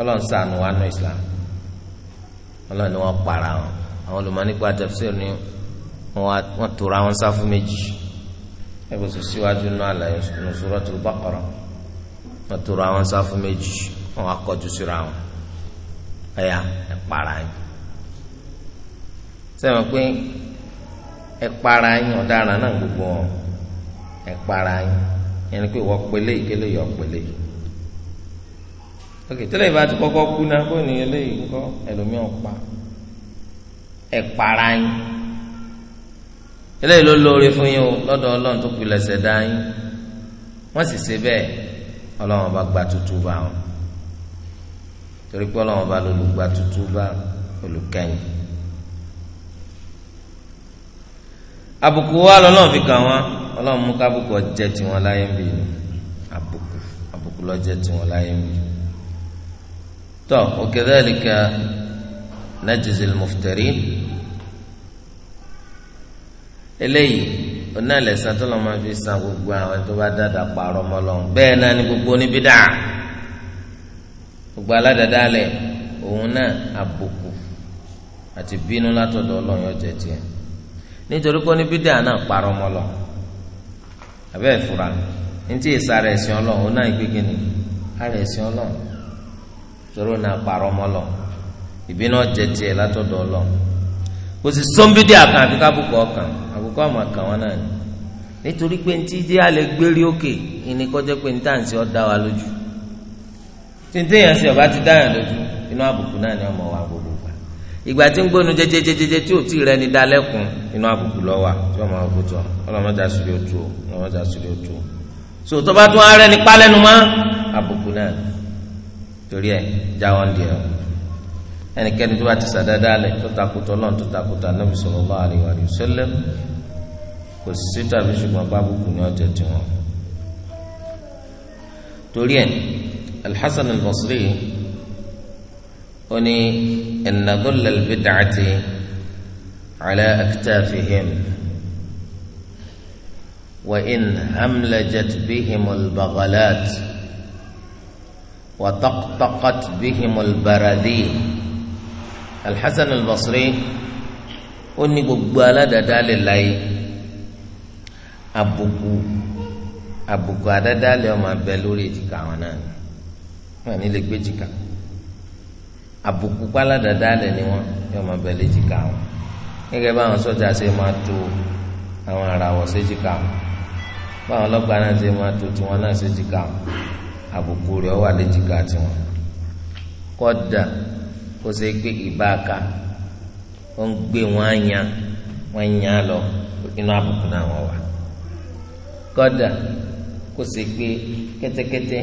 Ọlọ́run ṣàánú wa nù Islam Ọlọ́run ni wọ́n para wọn àwọn olùmọ̀ nípa tafsir ni wọ́n tora wọn sáfù méjì ẹ bó so síwájú nù àlàyé nù Suratul Baqara wọ́n tora wọn sáfù méjì wọ́n akọjú síra wọn ẹ̀yà ẹ̀pàrà yín sẹ́wọ̀n pé ẹ̀pàrà yín ọ̀daràn náà gbogbo wọn ẹ̀pàrà yín yẹn ni pé ìwọ pélé ìkélé yọ pélé ok tẹ́lẹ̀ ìbá ti kọ́kọ́ kú náà kó ní eléyìí ńkọ́ ẹlòmíràn pa ẹ̀pàrà yín eléyìí ló lóore fún yín o lọ́dọ̀ ọlọ́run tó pilẹ̀sẹ̀ dá yín wọ́n sì ṣe bẹ́ẹ̀ ọlọ́run ọba gba tutù bá wọn torí pé ọlọ́wọ́n bá lọ́lùgbà tuntun bá olùkẹ́yìn. àbùkù wa lọ́lọ́run fi kàn wọ́n ọlọ́run mú kábùkù ọjẹ́ tiwọn láyé ń bì ní àbùkù àbùkù lọ́jẹ́ tiwọn láyé ń bì. tọ́ òkèdèlìkà najzil muftarin eléyìí onáìlẹ̀sán tó lọ́ máa fi san gbogbo àwọn tó bá dáadáa pààrọ̀ mọ́ lọ́wọ́ bẹ́ẹ̀ náà ni gbogbo oníbídà. gbogbo aládàáda lẹ òun náà àbùkù àti bínú látọ̀dọ̀ Ọlọ́run yóò jẹ nítorí pé oníbídà náà parọ́ mọ́ lọ abẹ́ ìfura ntí ìsa rẹ̀ sìn na òun náà ìgbégi ni àrẹ̀ sìn Ọlọ́run torí náà parọ́ mọ́ lọ ìbínú kò sì àkàn àti kábùkù ọkàn àbùkù àkàn wọn náà ni nítorí pé ntí gbérí òkè pé ntáǹsì wa tìǹtìǹ yẹn sì ọba ti dáyàn lójú inú àbùkù náà ni ọmọ wa gbogbo gbà ìgbà tí ń gbónu jẹjẹjẹjẹjẹ tí ò tí rẹ ni dalẹkùn inú àbùkù lọ wa tí ọmọ wa gbótọ ọlọmọdé asúlẹ otu ọlọmọdé asúlẹ otu so tó bá tún arẹ ní pálẹnu mọ àbùkù náà torí ẹ jáwọ́ ń di ẹ ẹnikẹ́ni tó bá ti sàdáadáa lẹ tó takùtọ lọ́n tó takùtọ anábì sallallahu alaihi wa sallam kò sí tàbí ṣùgbọ́n bá àbùkù ní ọ̀tẹ̀ tiwọn torí ẹ الحسن البصري أني إن ظل البدعة على أكتافهم وإن هملجت بهم البغلات وطقطقت بهم البراذين الحسن البصري أني ní gbogbo aládàádálẹ̀ láyé àbùkù àbùkù àdádálẹ̀ ọmọ abẹ lórí èjìká wọn ní lè gbé jìkà àbùkù páládàá lẹ ni wọn yóò máa bẹ léjìká wọn gẹ́gẹ́ báwọn sọ́jà ṣe máa to àwọn àràwọ̀ séjìká wọn báwọn ọlọ́pàá náà ṣe máa to tiwọn náà séjìká wọn àbùkù rẹ̀ wà léjìká tiwọn kódà kó ṣe pé ìbáka ó ń gbé wọn anya wọn nya lọ inú àbùkù náà wọn wà kódà kó ṣe pé kẹ́tẹ́kẹ́tẹ́.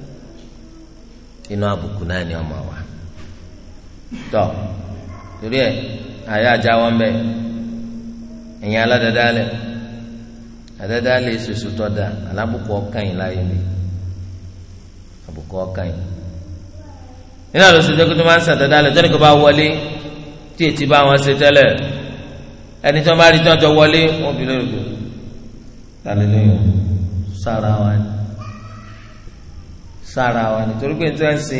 inú àbùkù náà ni ọmọ wa tọ torí ẹ àyà ajá wọn bẹ ẹyin aládàdálẹ àdàdálẹ ṣoṣo tọdà alábùkù ọkàn yìí láyé mi àbùkù ọkàn yìí nínú àlùsọ jẹ́ kó tó máa ń sàdàdálẹ tó ní kó bá wọlé tí ètí bá wọn ṣe tẹ́lẹ̀ ẹni tó bá rí tó ń jọ wọlé wọn bí lórí gbòòrò lóyún sára wa ni sára wa nítorí pé nítorí ṣe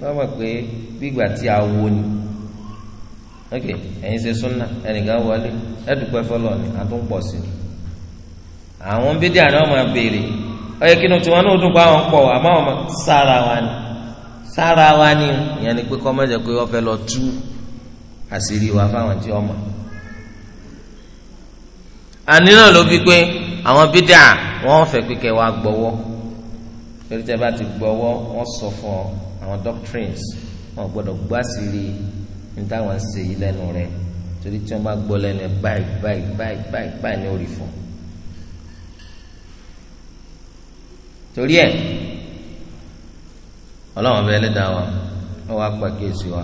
wọ́n mọ̀ pé gbígbà tí a wo ni ok ẹ̀yin ṣe súnà ẹnìkan wọlé ẹ̀dùpẹ́ fọlọ́ ni a tún pọ̀ sí i àwọn bídíà náà máa béèrè ọyẹ kí ni tiwọn náà dùn pa àwọn pọ̀ àmọ́ àwọn sára wa ni sára wa ni ìyẹn ni pé kọ́mọ́jà pé wọ́n fẹ́ lọ tú àṣírí wa fáwọn tí ọmọ àní náà ló bí pé àwọn bídíà wọ́n fẹ́ pé kẹ́ wa gbọ́wọ́ torí tẹ bá ti gbọ́wọ́ wọ́n sọ fún ọ àwọn doctrines wọn gbọ́dọ̀ gbásìrì ní táwọn ń ṣe yìí lẹ́nu rẹ torí tí wọ́n bá gbọ́ lẹ́nu ẹ báyìí báyìí báyìí báyìí báyìí ní orí fún un. torí ẹ ọlọ́wọ́n bẹ ẹlẹ́dàá wa ó wá pàkíyèsí wa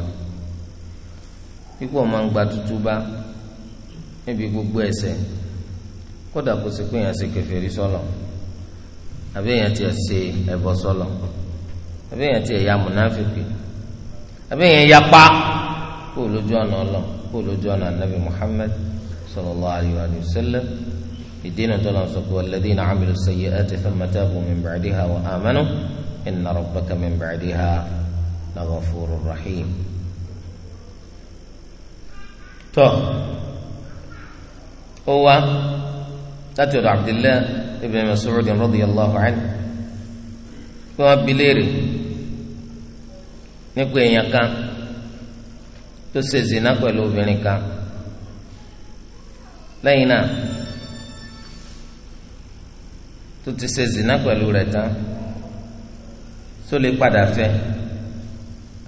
pípọ̀ máa ń gba tútú bá níbi gbogbo ẹ̀ṣẹ̀ kódà kó sì pé èèyàn ṣe kèfèrí sọ́lọ̀. So àbí èèyàn tiẹ̀ ṣe ẹbọ sọlọ àbí èèyàn tiẹ̀ ya múnáfìkì àbí èèyàn yapa kó lójú ọ̀nà ọlọ kó lójú ọ̀nà anabi muhammed sallallahu alayhi wa sallam ìdínà tó lọ́n sọ pé walladhina amilu sayyi'ati thumma tabu min ba'diha wa amanu inna rabbaka min ba'diha laghafurur rahim. tó o wa. láti ọ̀dọ̀ abdullahi ibn masoud radiyallahu anhu pé wọ́n bi léèrè nípa èèyàn kan tó ṣe zina pẹ̀lú obìnrin kan lẹ́yìn náà tó ti ṣe zina pẹ̀lú rẹ̀ tán tó lè padà fẹ́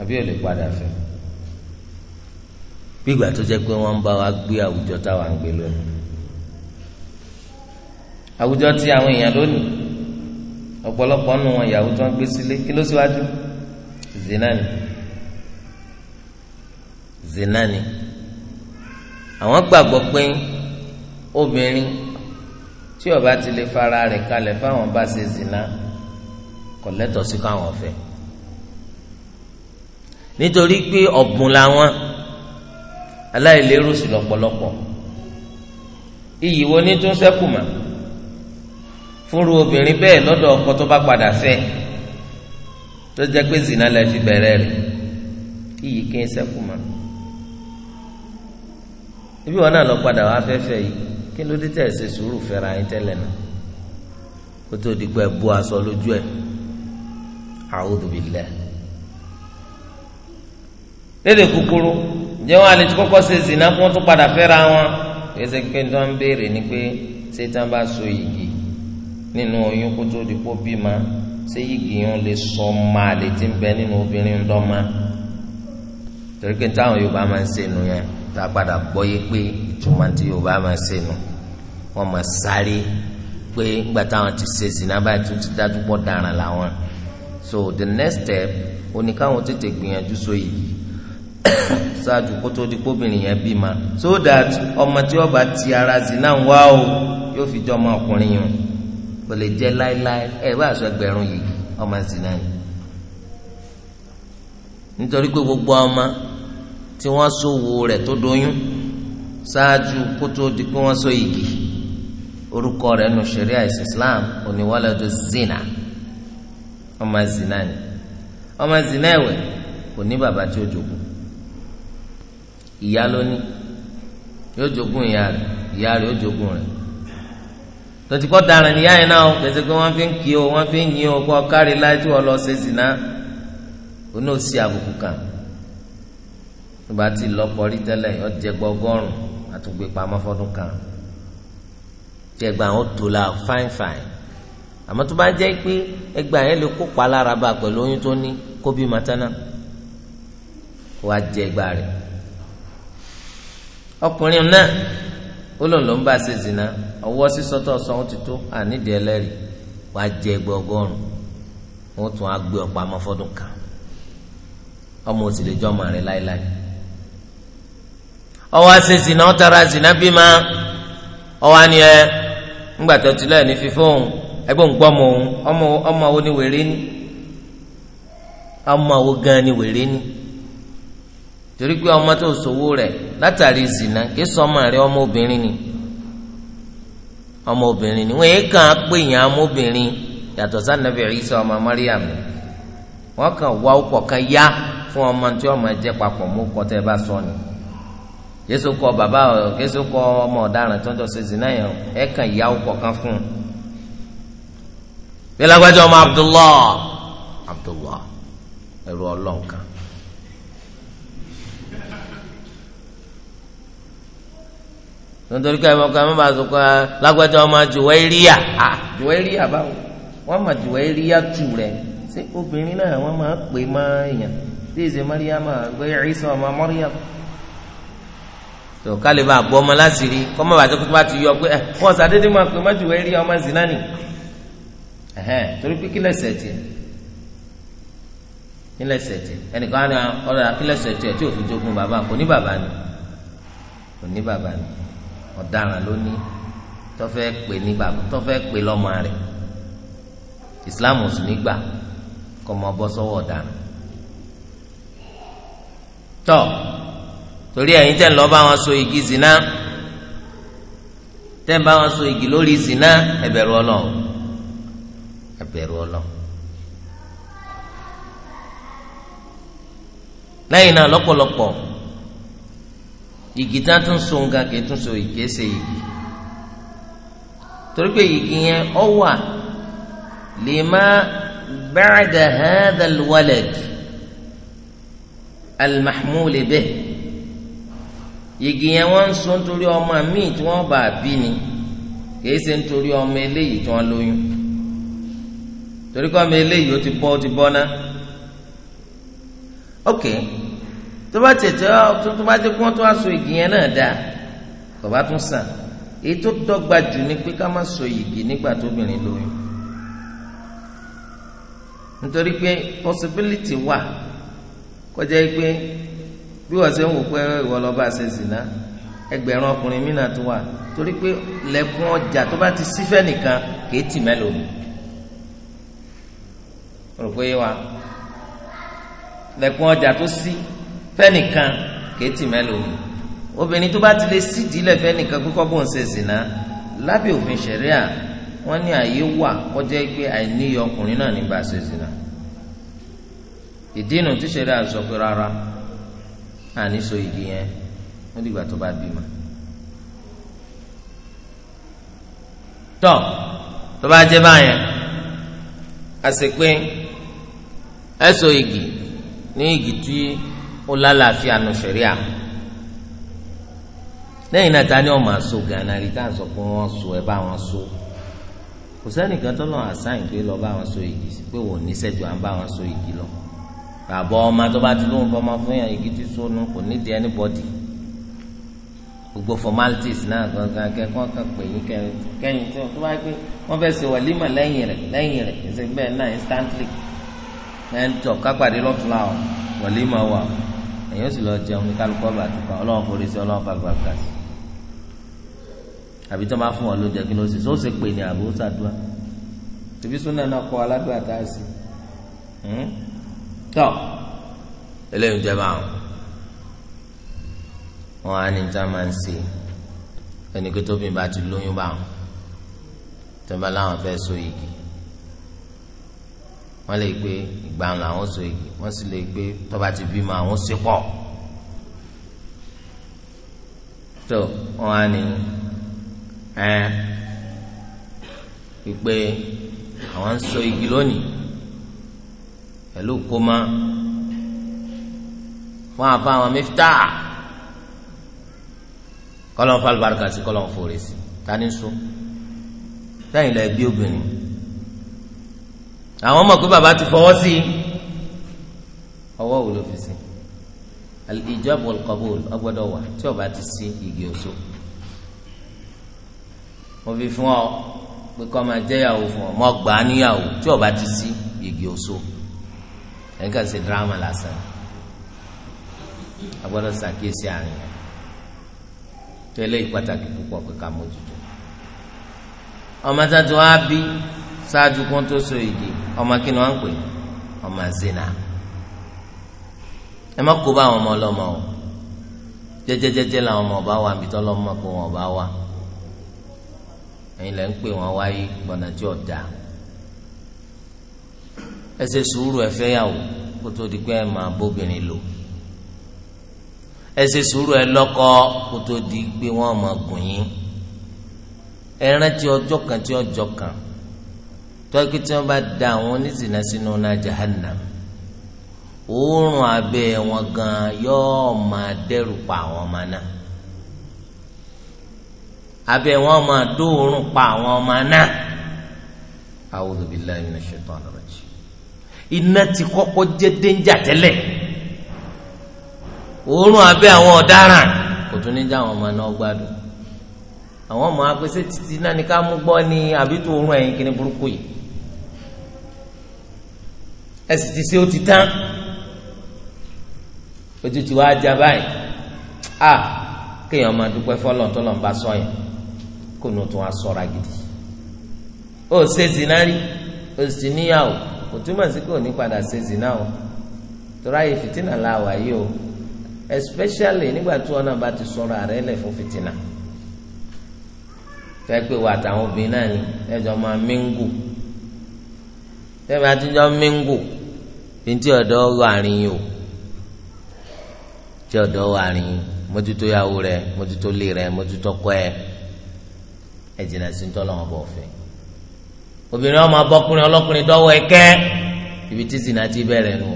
àbí ò lè padà fẹ́ bí ìgbà wa gbé àwùjọ táwa ń àwùjọ ti àwọn èèyàn lónìí ọ̀pọ̀lọpọ̀ nù wọn ìyàwó tó ń gbé sílé kí ló síwájú zina ni zina ni àwọn gbàgbọ́ pé obìnrin tí ó bá ti lè fara rẹ̀ kalẹ̀ fáwọn bá ṣe zina kò lẹ́tọ̀ọ́ sí káwọn fẹ́ nítorí pé ọ̀bùn làwọn aláìlérò sí lọ́pọ̀lọpọ̀ iyì wo ni tún ṣẹ́kù mọ́ fúnru obìnrin bẹ́ẹ̀ lọ́dọ̀ ọkọ tó bá padà fẹ́ tó jẹ́ pé zina lẹ fi bẹ̀rẹ̀ rẹ̀ iyì kí n sẹ́kù mọ́ ibi wọn náà lọ padà wá fẹ́fẹ́ yìí kí ló dé tẹ̀ ṣe sùúrù fẹ́ra yín tẹ́lẹ̀ náà kó tó di pé ẹ bú aṣọ lójú ẹ̀ a'udhu billah lédè kúkúrú ǹjẹ́ wọn àlejò kọ́kọ́ ṣe zina kí wọ́n tún padà fẹ́ra wọn kí ẹ ṣe pé tí wọ́n ń béèrè ni pé ṣé tí wọ́n bá so yìí nínú oyún kó tó di kó bímọ ṣé yìgì yẹn lè sọ máa lè ti bẹ nínú obìnrin ńlọ́mọ torí pé táwọn Yorùbá máa ń ṣe yẹn tá a padà gbọ́ yé pé ìtumọ̀ tí Yorùbá máa ń ṣe wọ́n máa sáré pé ńgbà táwọn ti ṣe zina báyìí tó ti dájú pọ̀ dáràn làwọn so the next step oníkàwọn tètè gbìyànjú so yìí <coughs> ṣáájú kó tó di kóbìnrin yẹn bímọ so that ọmọ tí ó bá ti ara zina wá o yóò fi jọ ọmọ ọkùnrin yẹn kò lè jẹ láéláé ẹ bá aṣọ ẹgbẹ̀rún yìí ọmọ zina ni nítorí pé gbogbo ọmọ tí wọ́n sòwò rẹ̀ tó doyún ṣáájú kó tó di pé wọ́n so igi orúkọ rẹ̀ nù ṣẹ̀ríà Islam oníwàlẹdọ zina ọmọ zina ni ọmọ zina ẹ̀wẹ̀ kò ní bàbá tí ó jogún ìyá ló yóò jogún ìyá rẹ̀ ìyá rẹ̀ ó jogún rẹ̀ tọ́tí kọ́ daràn níyà yẹn náà kẹsẹ̀ pé wọ́n fi ń kí o wọ́n fi ń yín o kọ́ kárí láì tí wọ́n lọ ṣe zìnà ó náà ṣe àbùkù kan tó bá ti lọ́pọ̀ rí tẹ́lẹ̀ yọ jẹ gbọ́gọ́rùn àtúgbè pamọ́ fọ́dún kan jẹgbà àwọn tó la fáìn fáìn àmọ́ tó bá jẹ́ pé ẹgbà yẹn lè kópa lára bá pẹ̀lú oyún tó ní kó bí wàá jẹ ẹgbà rẹ̀ ọkùnrin náà ó lòun ló ń bá ṣe zina ọwọ́ sísọtọ̀ sọ́n ti tó ànídìí ẹlẹ́rìí jẹ ẹgbẹ́ ọgọ́rùn wọ́n tún á gbé ọ̀pá amọ́fọ́dún kan ọmọ òsì lè jọ́ láéláé ọwọ́ tara zina bí ma ọwọ́ e, ni ẹ ńgbà tó ti ní ni wèrè ni ọmọ wo ni wèrè ni. torí pé ọmọ tó sòwò rẹ̀ látàrí zina kí sọmọ rẹ̀ ọmọ obìnrin ni ọmọ obìnrin ni wọn yìí kàn pè pé ọmọ obìnrin yàtọ̀ ọmọ Mariam wọn kàn wá ọkọ̀ kan yá fún ọmọ tí ọmọ jẹ́ papọ̀ mú kọ́ sọ ni yéésù kọ bàbá yéésù kọ ọmọ ọ̀daràn tó ń zina yẹn ẹ kàn yá ọkọ̀ kan fún bí ọmọ nítorí ká ẹ̀mọ́ká ẹ̀mọ́ bá sọ̀kọ́ lágbájá ọmọ Juwairiya à ah, Juwairiya báwo wọ́n mọ̀ Juwairiya tù rẹ̀ ṣé obìnrin náà wọ́n máa pè má èèyàn bí èsè mọ́ríyàmọ́ àgbẹ̀ ìṣàn ọmọ mọ́ríyàmọ́ tó kálí bá bọ́ ọmọ láti rí kọ́mọ́ bá tó bá ti yọ pé ẹ eh, wọ́n sàdédé máa pè má Juwairiya ọmọ zina ni torí pé kílẹ̀ sẹ̀ tiẹ̀ kílẹ̀ sẹ̀ tiẹ̀ ẹnìkan á ní ọ̀rọ̀ kílẹ̀ sẹ̀ tiẹ̀ tí òfin jogun bàbá kò ní ni kò ní ni ọ̀daràn lónìí tọ́fẹ́ pè ní bàbá tọ́fẹ́ pè lọ́mọ rẹ̀ islam ò sì ní gbà kọ́ ọmọ bọ́ sọ́wọ́ ọ̀daràn tọ́ torí ẹ̀yin tẹ́ ń lọ bá wọn so igi zina tẹ́ ń bá wọn so igi lórí zina ẹ bẹ̀rù Ọlọ́run ẹ bẹ̀rù Ọlọ́run lẹ́yìn náà lọ́pọ̀lọpọ̀ igi tá a tún so nǹkan kì í tún so igi ẹsẹ igi torí pé igi yẹn ọ wà lima ba'da hadha alwalad almahmul bih igi yẹn wọ́n ń so nítorí ọmọ míì tí wọ́n bá bí ni kì í ṣe nítorí ọmọ eléyìí tí wọ́n lóyún torí kọ́ ọmọ eléyìí ó ti bọ́ ó ti bọ́ ná. okay tó bá tètè tó bá tẹ kó tó wá so igi yẹn náà dáa kò bá tún sàn èyí tó dọ́gba jù ni pé ká má so igi nígbà tóbìnrin lóyún nítorí pé possibility wà kọjá yìí pé bí wọ́n ṣe ń wò pé ìwọ lọ́ba ṣe zìnà ẹgbẹ̀rún ọkùnrin mí náà tó wà torí pé lẹ́kùn ọjà tó bá ti sífẹ́ nìkan kì í tì mẹ́lò mi rò pé wa lẹ́kùn ọjà tó sí. Si, fẹ́nìkan kéétì mẹ́lòmí obìnrin tó bá ti lè sídìí lẹ̀ fẹ́nìkan kókó bó ń ṣe zìnà lábẹ́ òfin ṣẹ̀ríà wọ́n ní àyè wà kọjá pé àìníyọ ọkùnrin náà ní bá ṣe zìnà ìdí inú tí ṣẹ̀ríà sọ pé rárá àní so ìdí yẹn wọ́n dìgbà tó bá bímọ. tọ́ tó bá jẹ́ báyẹn àṣepé ẹ̀ so igi ní igi tí. ó lálàáfíà nù sẹ̀ríà lẹ́yìn náà ta ni wọ́n máa so gànà rí tá à ń sọ pé wọ́n so ẹ bá wọn so kò sẹ́nìkan tó lọ́n àsáyìn pé lọ bá wọn so igi pé wò ní sẹ́jọ́ à ń bá wọn so igi lọ bàbá ọmọ tó bá ti lóun fọmọ fún yàn igi ti sónú kò ní di anybody gbogbo formalities náà gangan kẹ́kọ̀ọ́ kan pè yín kẹ́yìn tó tó bá pé wọ́n fẹ́ ṣe wàlímà lẹ́yìn rẹ̀ lẹ́yìn rẹ̀ ẹ̀sìn bẹ́ẹ̀ náà instantly ẹ̀ ń tọ̀ kápàdé lọ́tún láwọ̀ wàlímà wà. Wa èyàn sì lọ jẹun ní kálukọ́ bàtú kan ọlọ́run forí sí ọlọ́run fàgbàgbà sí àbí tó máa fún wọn lóúnjẹ kí ló sì sóòsè pè ní àbò sàdúrà tìbí súnà náà kọ aládùúgbò àtà sí tọ eléyìí jẹ báwọn wọn á ní tá a máa ń ṣe ẹnì kí tóbi bá ti lóyún báwọn tó bá láwọn fẹ́ so igi wọ́n lè gbé ìgbà ńlá àwọn so igi wọ́n sì lè gbé tọ́ba ti bímọ àwọn so pọ̀ tó wọ́n á ní ẹ pípé àwọn ń so igi lónìí pẹ̀lú kọ́má wọ́n á àwọn mẹ́fítà kọ́lọ́n fún sí kọ́lọ́n fòrè sí tani so sẹ́yìn lọ ẹbí obìnrin àwọn mọ̀ pé bàbá ti fọwọ́ sí i ọwọ́ wo ló fi sí al-ijab wal-qabul ọgbọ́dọ̀ wà tí ọba ti sí igi oṣù mo fi fún ọ pé kọ́ máa jẹ́yàwó fún ọ mọ́ gbà á níyàwó tí ọba ti sí igi oṣù ẹ̀ka ṣe dírámà lásán agbọ́dọ̀ ṣàkíyèsí àárín yẹn tẹ́lẹ̀ pàtàkì púpọ̀ pé ká mójútó ọmọ tá a bí. ṣáájú kó tó so igi ọmọ zina ẹ má kó bá ọmọ o ọmọ ọba wa kó ọba wa ẹ sùúrù ẹ kó tó di pé ẹ máa bóbìnrin lò sùúrù ẹ tọ́kí tí wọ́n bá da àwọn oníṣìnà sínú ọ̀nà jahannam òórùn abẹ́ wọn gan yóò máa dẹ́rù pa àwọn ọmọ náà abẹ́ wọn máa dóòórùn pa àwọn ọmọ náà a'udhu billahi minash shaitanir rajim iná ti kọ́kọ́ jẹ́ dénjà tẹ́lẹ̀ òórùn abẹ́ àwọn ọ̀daràn kò tún ní já àwọn ọmọ náà gbádùn àwọn ọmọ apẹsẹ títí náà ní ká mú gbọ́ ní àbí tó òórùn ẹ̀yìn kìnnìburúkú yìí ẹ sì ti ṣe ó ti tán ojú ti wá já báyìí a kéèyàn máa dúpẹ́ fọlọ́n tó lọ́n bá sọ yẹn kó nu tún wá sọ́ra gidi ó ṣe zina rí ó sì níyàwó kò túmọ̀ sí kò ní padà ṣe zina o torí ayé fìtínà la wà yìí o especially nígbà tí wọn náà bá ti sọ̀rọ̀ ààrẹ lẹ̀ fún fìtínà fẹ́ pé wà táwọn obìnrin náà ni ẹjọ́ máa mẹ́ngù tẹ́lẹ̀ àtijọ́ mingu ntí ọ̀dọ́ wà rìn yìí o tí ọ̀dọ́ wà rìn mójútó yàwó rẹ mójútó lé rẹ mójútó kọ́ ẹ ẹ jìnnà sí ntọ́ lọ́wọ́ bọ̀ fẹ́ obìnrin ọmọ abọ́kùnrin ọlọ́kùnrin dọ́wọ́ ẹ kẹ́ ibi tí zina ti bẹ̀rẹ̀ nù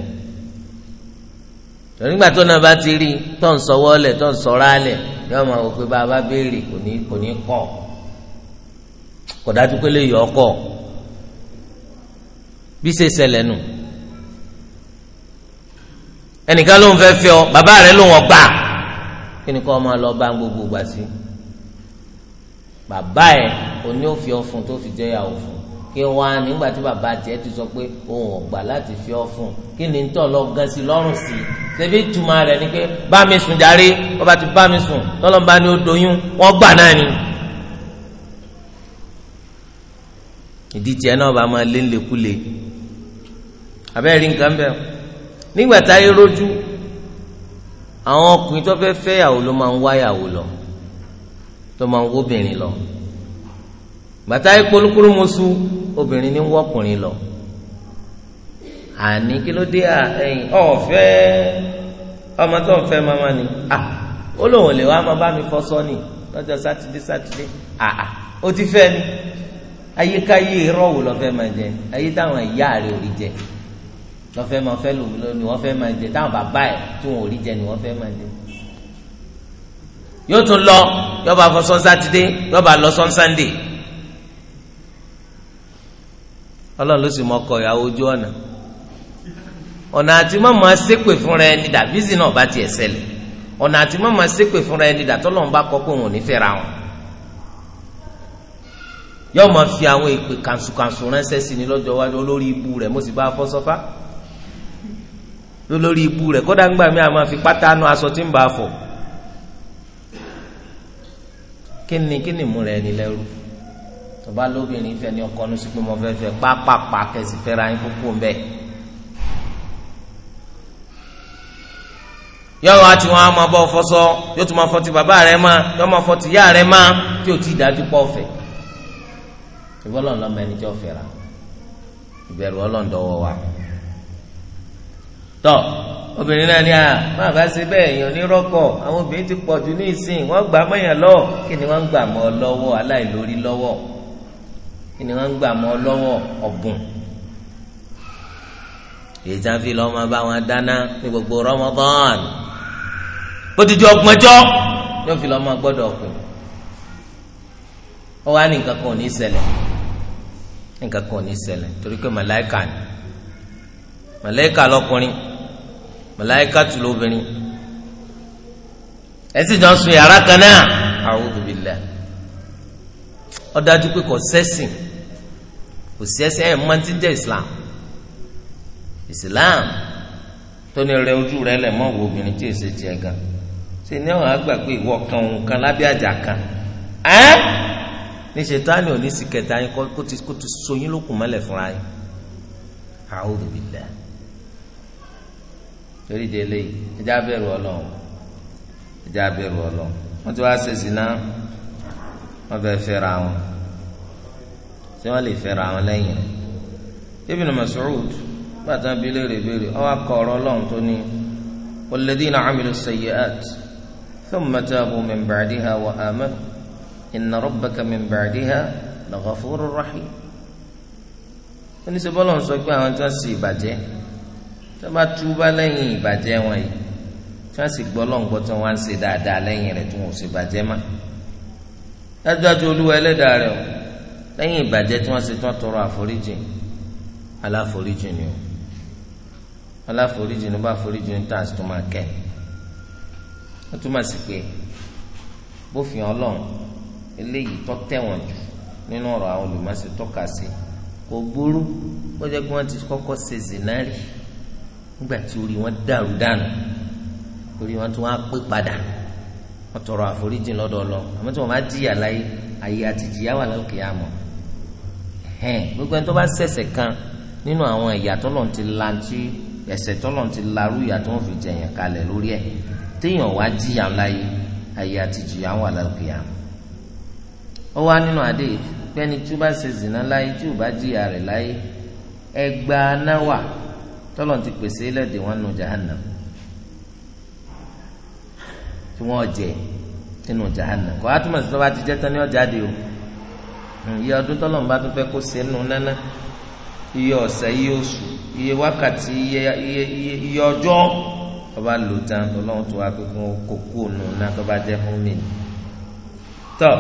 nígbà tó náà bá ti rí tó ń sọwọ́ lẹ̀ tó ń sọ̀rọ̀ alẹ̀ yóò máa wò bá a bá béèrè kò ní kọ́ kò dájú pé lè yọ ọkọ̀ bí ṣe ṣẹlẹ̀ nù ẹnìkan ló ń fẹ́ fẹ́ ọ bàbá rẹ ló ń ọgbà kí ni kọ́ ọmọ lọ bá gbogbo gbà sí bàbá ẹ òní ò fi ọ fún tó fi jẹ́ ìyàwó fún kí wọn á nígbà tí bàbá tiẹ̀ ti sọ pé òun ọgbà láti fi ọ fún kí ni tọ́ lọ gan sí lọ́rùn sí tẹ̀bí ìtumọ̀ rẹ̀ ni pé bá mi sùn jàre ọba ti bá mi sùn tọ́lọ́mbà ni ó doyún wọ́n gbà náà ni. ìdí tiẹ̀ náà bá máa lé ńlẹ̀kulè abẹ́rẹ́ nǹkan bẹ́ẹ̀ nígbà tá a yẹ rojú àwọn ọkùnrin tó fẹ́ẹ́ fẹ́ yàwó ló máa ń wá yàwó lọ tó máa ń wóbìnrin lọ bàtà yẹ kpolukuru musu obìnrin ní wọ́kùnrin lọ àní kí ló dé ẹ̀yìn ọ̀fẹ́ ọmọ tó ń fẹ́ mama ni ah ó lóun lè wá máa bá mi fọ́ sọ́ni lọ́jọ́ sátidé sátidé ah ah ó ti fẹ́ ni ayíkáyé irọ́ wò lọ́fẹ́ máa jẹ ayé táwọn ìyá rẹ̀ ò rí jẹ wọ́n fẹ́ máa fẹ́ lòmí lónìí wọ́n fẹ́ máa jẹ táwọn bàbá ẹ̀ tí wọn ò rí jẹ ni wọ́n fẹ́ máa jẹ. yóò tún lọ yọba fọsọ sátidé yọba lọ sọ sànńdé ọlọ́run ló sì mọ ọkọ ìyàwó ojú ọ̀nà ọ̀nà àti mọ̀mọ́ ṣépè fúnra ẹni dà bísí náà bá tiẹ̀ ṣẹlẹ̀ ọ̀nà àti mọ̀mọ́ ṣépè fúnra ẹni dà tọ́lọ́run bá kọ́ pé òun ò ní fẹ́ra wọn yọọ ma fi àwọn èpè kànṣùkànṣù ránṣẹ́ sí ni lọ́jọ́ wájú olórí ibu rẹ̀ mo sì bá a fọ́ sọ́fá. So lórí ibu rẹ̀ kódà ńgbà mi àmọ́ fi pátánù aṣọ tí ń bá a fọ̀ kíni kíni mú rẹ̀ ní lẹ́rú tọba lóbìnrin fẹ́ ní ọkọ nísú pé mo fẹ́ fẹ́ pápápá kẹsì fẹ́ra yín kókó mbẹ́. yọ̀wọ́ àti wọn a máa bọ́ fọ́sọ́ yóò tún máa fọ́ ti bàbá rẹ̀ máa yóò máa fọ́ ti yá rẹ̀ máa tí ò tí ì dájú pọ̀ ọ̀fẹ́ ìbọ́lọ̀ ńlọmọ ẹni tí ọ̀fẹ́ ra ìbẹ̀rù ọlọ́ndọ̀wọ́ wa. tọ obìnrin náà ni a má bá ṣe bẹ́ẹ̀ èèyàn onírọ́kọ̀ àwọn obìnrin ti pọ̀ jù ní ìsìn wọ́n gbà lọ kí ni wọ́n ń gbà mọ́ ọ lọ́wọ́ aláìlórí lọ́wọ́ kí ni wọ́n ń gbà mọ́ ọ lọ́wọ́ ọ̀bùn fi lọ́ máa bá wọn dáná ní gbogbo Ramadan odidi yóò fi lọ́ máa gbọ́dọ̀ ní nǹkan kan ò ní màláìka lọkùnrin màláìka tù lóbìnrin ẹ sì jọ ń sun yàrá kan náà a'udhu billah ó dájú pé kò sẹ́sìn kò sí ẹsẹ̀ ẹ̀ mọ́ jẹ́ islam islam tó ní rẹ ojú rẹ lẹ̀ mọ́ wo obìnrin tí èsì tiẹ̀ gan ṣe ní àwọn àgbà pé ìwọ kan òun kan lábẹ́ àjà kan ẹ́ ní ṣètánì òní sì kẹta yín kó ti so yín lókun mọ́lẹ̀ fúnra yín a'udhu billah torí délé ẹjá bẹ̀rù ọlọ́run ẹjá bẹ̀rù ọlọ́run wọ́n ti wá ṣe zina wọ́n fẹ́ fẹ́ra wọn tí wọ́n lè fẹ́ra wọn lẹ́yìn rẹ̀ Ibn Mas'ud bàtà bí léèrè béèrè ọwọ́ akọ ọ̀rọ̀ ọlọ́run tó ní walladhina 'amilu sayyi'at thumma tabu min ba'diha wa amanu inna rabbaka min ba'diha la ghafurur rahim oníṣẹ́ bọ́lọ̀ ń sọ pé àwọn tí wọ́n sì bàjẹ́ tó bá túbá lẹ́yìn ìbàjẹ́ wọn yìí tí wọ́n sì gbọ́ lọ́ngbọ́ tí wọ́n á ń ṣe dáadáa lẹ́yìn rẹ̀ tí wọ́n ò sì bàjẹ́ má dájúdájú olúwa ẹlẹ́dàá rẹ̀ o lẹ́yìn ìbàjẹ́ tí wọ́n ṣe tí wọ́n tọrọ àforíjì aláforíjì ni o aláforíjì ni bá foríjì ní tàǹsì tó máa kẹ́ ó túmọ̀ sí pé bófin ọlọ́run eléyìí tó tẹ̀wọ̀n jù nínú ọ̀rọ̀ àwọn olùmọ̀ọ́sẹ̀ tọ́ka sí kò burú ó jẹ́ pé wọ́n ti kọ́kọ́ ṣe zìnnárì nígbà tí orí wọn dàrú dànù orí wọn tún wá pé padà wọn tọrọ àforíjìn lọ́dọ̀ lọ àmọ́ tí wọn bá jìyà láyé àyè àtìjìyà wà lókè àmọ́ hẹn gbogbo ẹni tó bá ṣẹ̀ṣẹ̀ kan nínú àwọn ìyà tọlọ ti la ti ẹ̀ṣẹ̀ tọlọ ti larú ìyà tó ń fi jẹyàn kalẹ̀ lórí ẹ téèyàn wá jìyà láyé àyè àtìjìyà wà lókè àmọ́ ó wá nínú adé pẹ́ni tí ó bá ṣe zìnà láyé tí ò bá jìyà rẹ̀ láyé ẹgbàá náwà tọ́lọ̀ ti pèsè lẹ́dí wọn nù jahannam tí wọ́n jẹ nínú sí ti jẹ́ ní ọjà di o hmm, iye ọdún tọ́lọ̀ bá tún fẹ́ kó ṣe nù nánà iye ọ̀sẹ̀ iye oṣù iye wákàtí iye iye ọba lò tán tó wá pé kó kó kó nù náà jẹ́ fún mi tọ́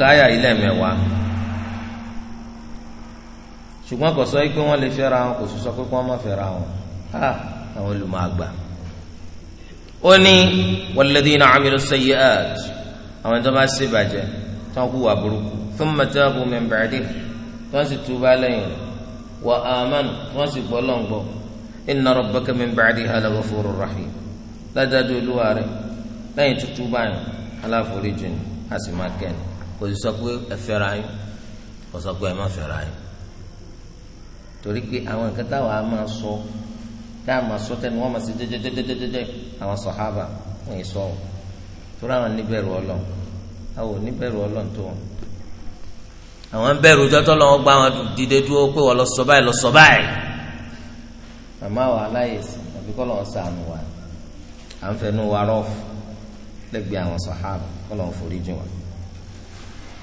káyà ilé ṣùgbọ́n kò sọ pé wọ́n lè fẹ́ra wọn kò sì sọ pé wọ́n má fẹ́ra wọn a àwọn olùmọ̀ àgbà. ó ní walladhina amilu sayyi'at àwọn tó bá ṣe bàjẹ́ tó ń hùwà burúkú thumma tabu min tó ń sì túbà lẹ́yìn rẹ̀ wa amanu tó ń sì gbọ́ lọ́ngbọ́ inna rabbaka min ba'diha laghafurur rahim ládàdo olúwa rẹ̀ lẹ́yìn tútú báyìí aláforíjì ni a sì máa kẹ́ni kò sì sọ pé ẹ fẹ́ra yín kò sọ pé ẹ má fẹ́ra yín torí pé àwọn nǹkan táwọn á máa sọ táwọn máa sọ tẹnu wọn máa ṣe jẹjẹjẹjẹjẹ àwọn sọhábà wọn yìí sọ wọn torí àwọn níbẹ̀rù Ọlọ́run àwọn ò níbẹ̀rù Ọlọ́run tó wọn. àwọn ń bẹ̀rù jọ́tọ́ lọ́wọ́ gba àwọn dìde dúró pé wọ́n lọ sọ báyìí lọ sọ báyìí. màmá wa aláyè sí àbí kọ́ lọ́wọ́ sànù wa à ń fẹnu wa rọ́ọ̀fù lẹ́gbẹ̀ẹ́ àwọn sọ̀hábà kọ́ lọ́wọ́ foríjì wọn.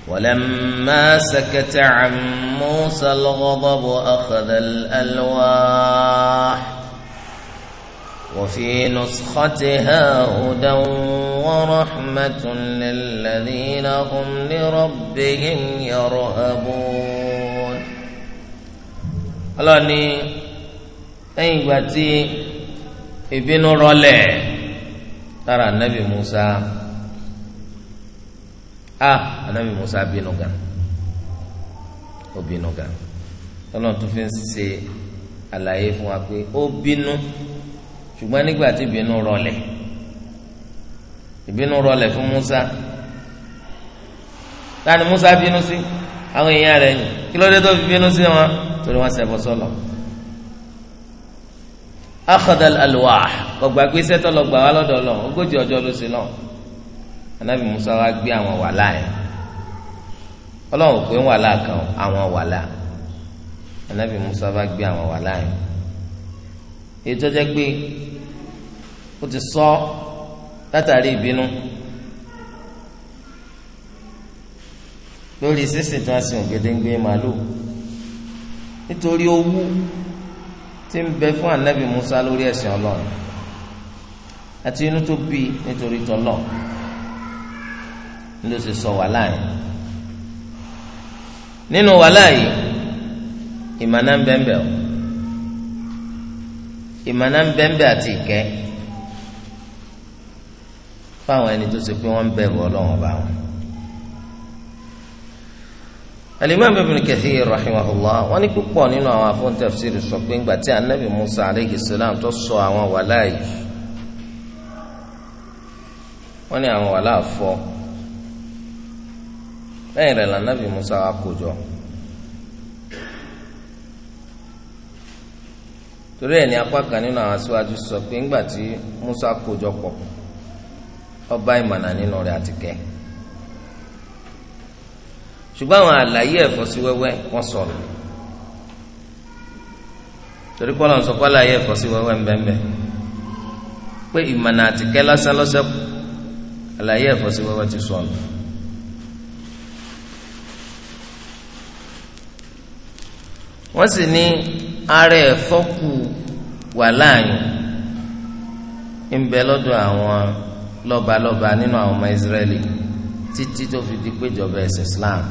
ولما سكت عن موسى الغضب أخذ الألواح وفي نسختها هدى ورحمة للذين هم لربهم يرهبون ọlọ́ni lẹ́yìn ìgbà ابن ìbínú ترى النبي موسى a ah, anabi musa bínú gan ó bínú gan ọlọ́run tó fi ń ṣe àlàyé fún wa pé ó bínú ṣùgbọ́n nígbà tí ìbínú rọlẹ̀ ìbínú rọlẹ̀ fún musa láti musa bínú sí àwọn èèyàn rẹ̀ yìí kí ló dé tó fi bínú sí wọn torí wọn ṣẹbọ sọlọ akhadal alwah kọgbà gbèsè tó lọ gbà wá lọ́dọ̀ lọ ogójì ọjọ́ ló sí lọ anabi musa wa gbé àwọn wàhálà yẹn ọlọ́run pé wàhálà kan àwọn wàhálà anabi musa wa gbé àwọn wàhálà yẹn ètò jẹ́ pé ó ti sọ látàrí ìbínú lórí sísìn tí wọ́n sin ògèdèǹgbè màlúù nítorí owú tí ń bẹ fún anabi musa lórí ẹ̀sìn ọlọ́run àti inú tó bí nítorí tọlọ́run ló ṣe sọ wàhálà yìí nínú wàhálà yìí ìmọ̀nà ń bẹ́ńbẹ́ o ìmọ̀nà ń bẹ́ńbẹ́ àti ìkẹ́ fáwọn ẹni tó ṣe pé wọ́n ń bẹ̀rù ọlọ́wọ́n bá wọn. alimami ibn kathir rahimahullah wọ́n ní púpọ̀ nínú àwọn afọ́ntẹ́fsìrì sọ pé ńgbà tí anabi musa aleyhi salam tó sọ àwọn wàhálà yìí wọ́n ní àwọn wàhálà fọ́. lẹ́yìn rẹ̀ lànàbì musa wa torí ẹ̀ ní apá kan nínú àwọn aṣáájú sọ musa kó pọ̀ ọba ìmọ̀nà nínú rẹ̀ àti kẹ́ ṣùgbọ́n àwọn àlàyé ẹ̀fọ́ sí wẹ́wẹ́ wọ́n sọ̀rọ̀ torí kọ́lọ̀ ń sọ kọ́lá yẹ ẹ̀fọ́ sí wẹ́wẹ́ ńbẹ́ńbẹ́ pé ti sọ̀rọ̀. wọ́n sì ní ara ẹ̀fọ́ kù wà láàyò ń bẹ lọ́dọ̀ àwọn lọ́balọ́ba nínú àwọn ọmọ Israẹli títí tó fi di péjọba ẹ̀sìn Islam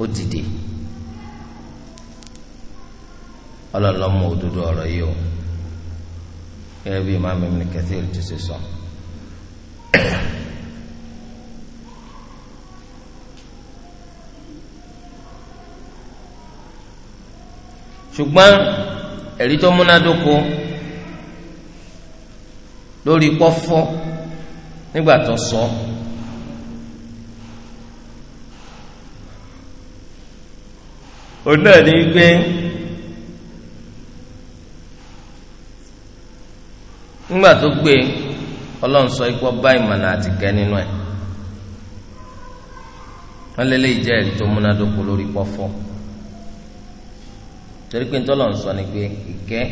ó dìde ọlọ́lọ́mọ òdodo ọ̀rọ̀ yìí o gẹ́gẹ́ bí Imam Ibn Kathir ti ṣe sọ. ṣùgbọ́n ẹ̀rí tó múnádóko lórí pọ́fọ́ nígbà tó sọ òun náà ní gbé nígbà tó gbé ọlọ́run sọ ikú ọba ìmọ̀nà àti kẹ́ nínú ẹ̀ wọ́n lé torí pé ntọ́lọ̀ ń sọ ni pé ìkẹ́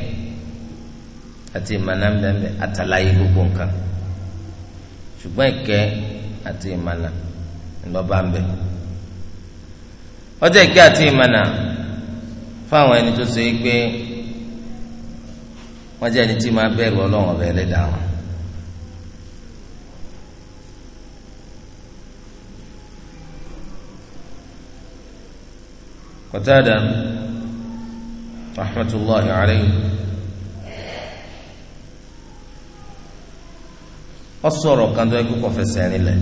àti ìmàlà ń bẹ̀ẹ́ àtàlàyé gbogbo nǹkan ṣùgbọ́n ìkẹ́ àti ìmàlà ńlọ́ba ń bẹ̀ ọjọ́ ìkẹ́ àti ìmàlà fáwọn ẹni tó ṣe é wọ́n jẹ́ ẹni tí máa bẹ̀rù ọlọ́run ọ̀bẹ ẹlẹ́dà wọn. رحمة الله عليه أصور كان ذلك كوكو في سان الله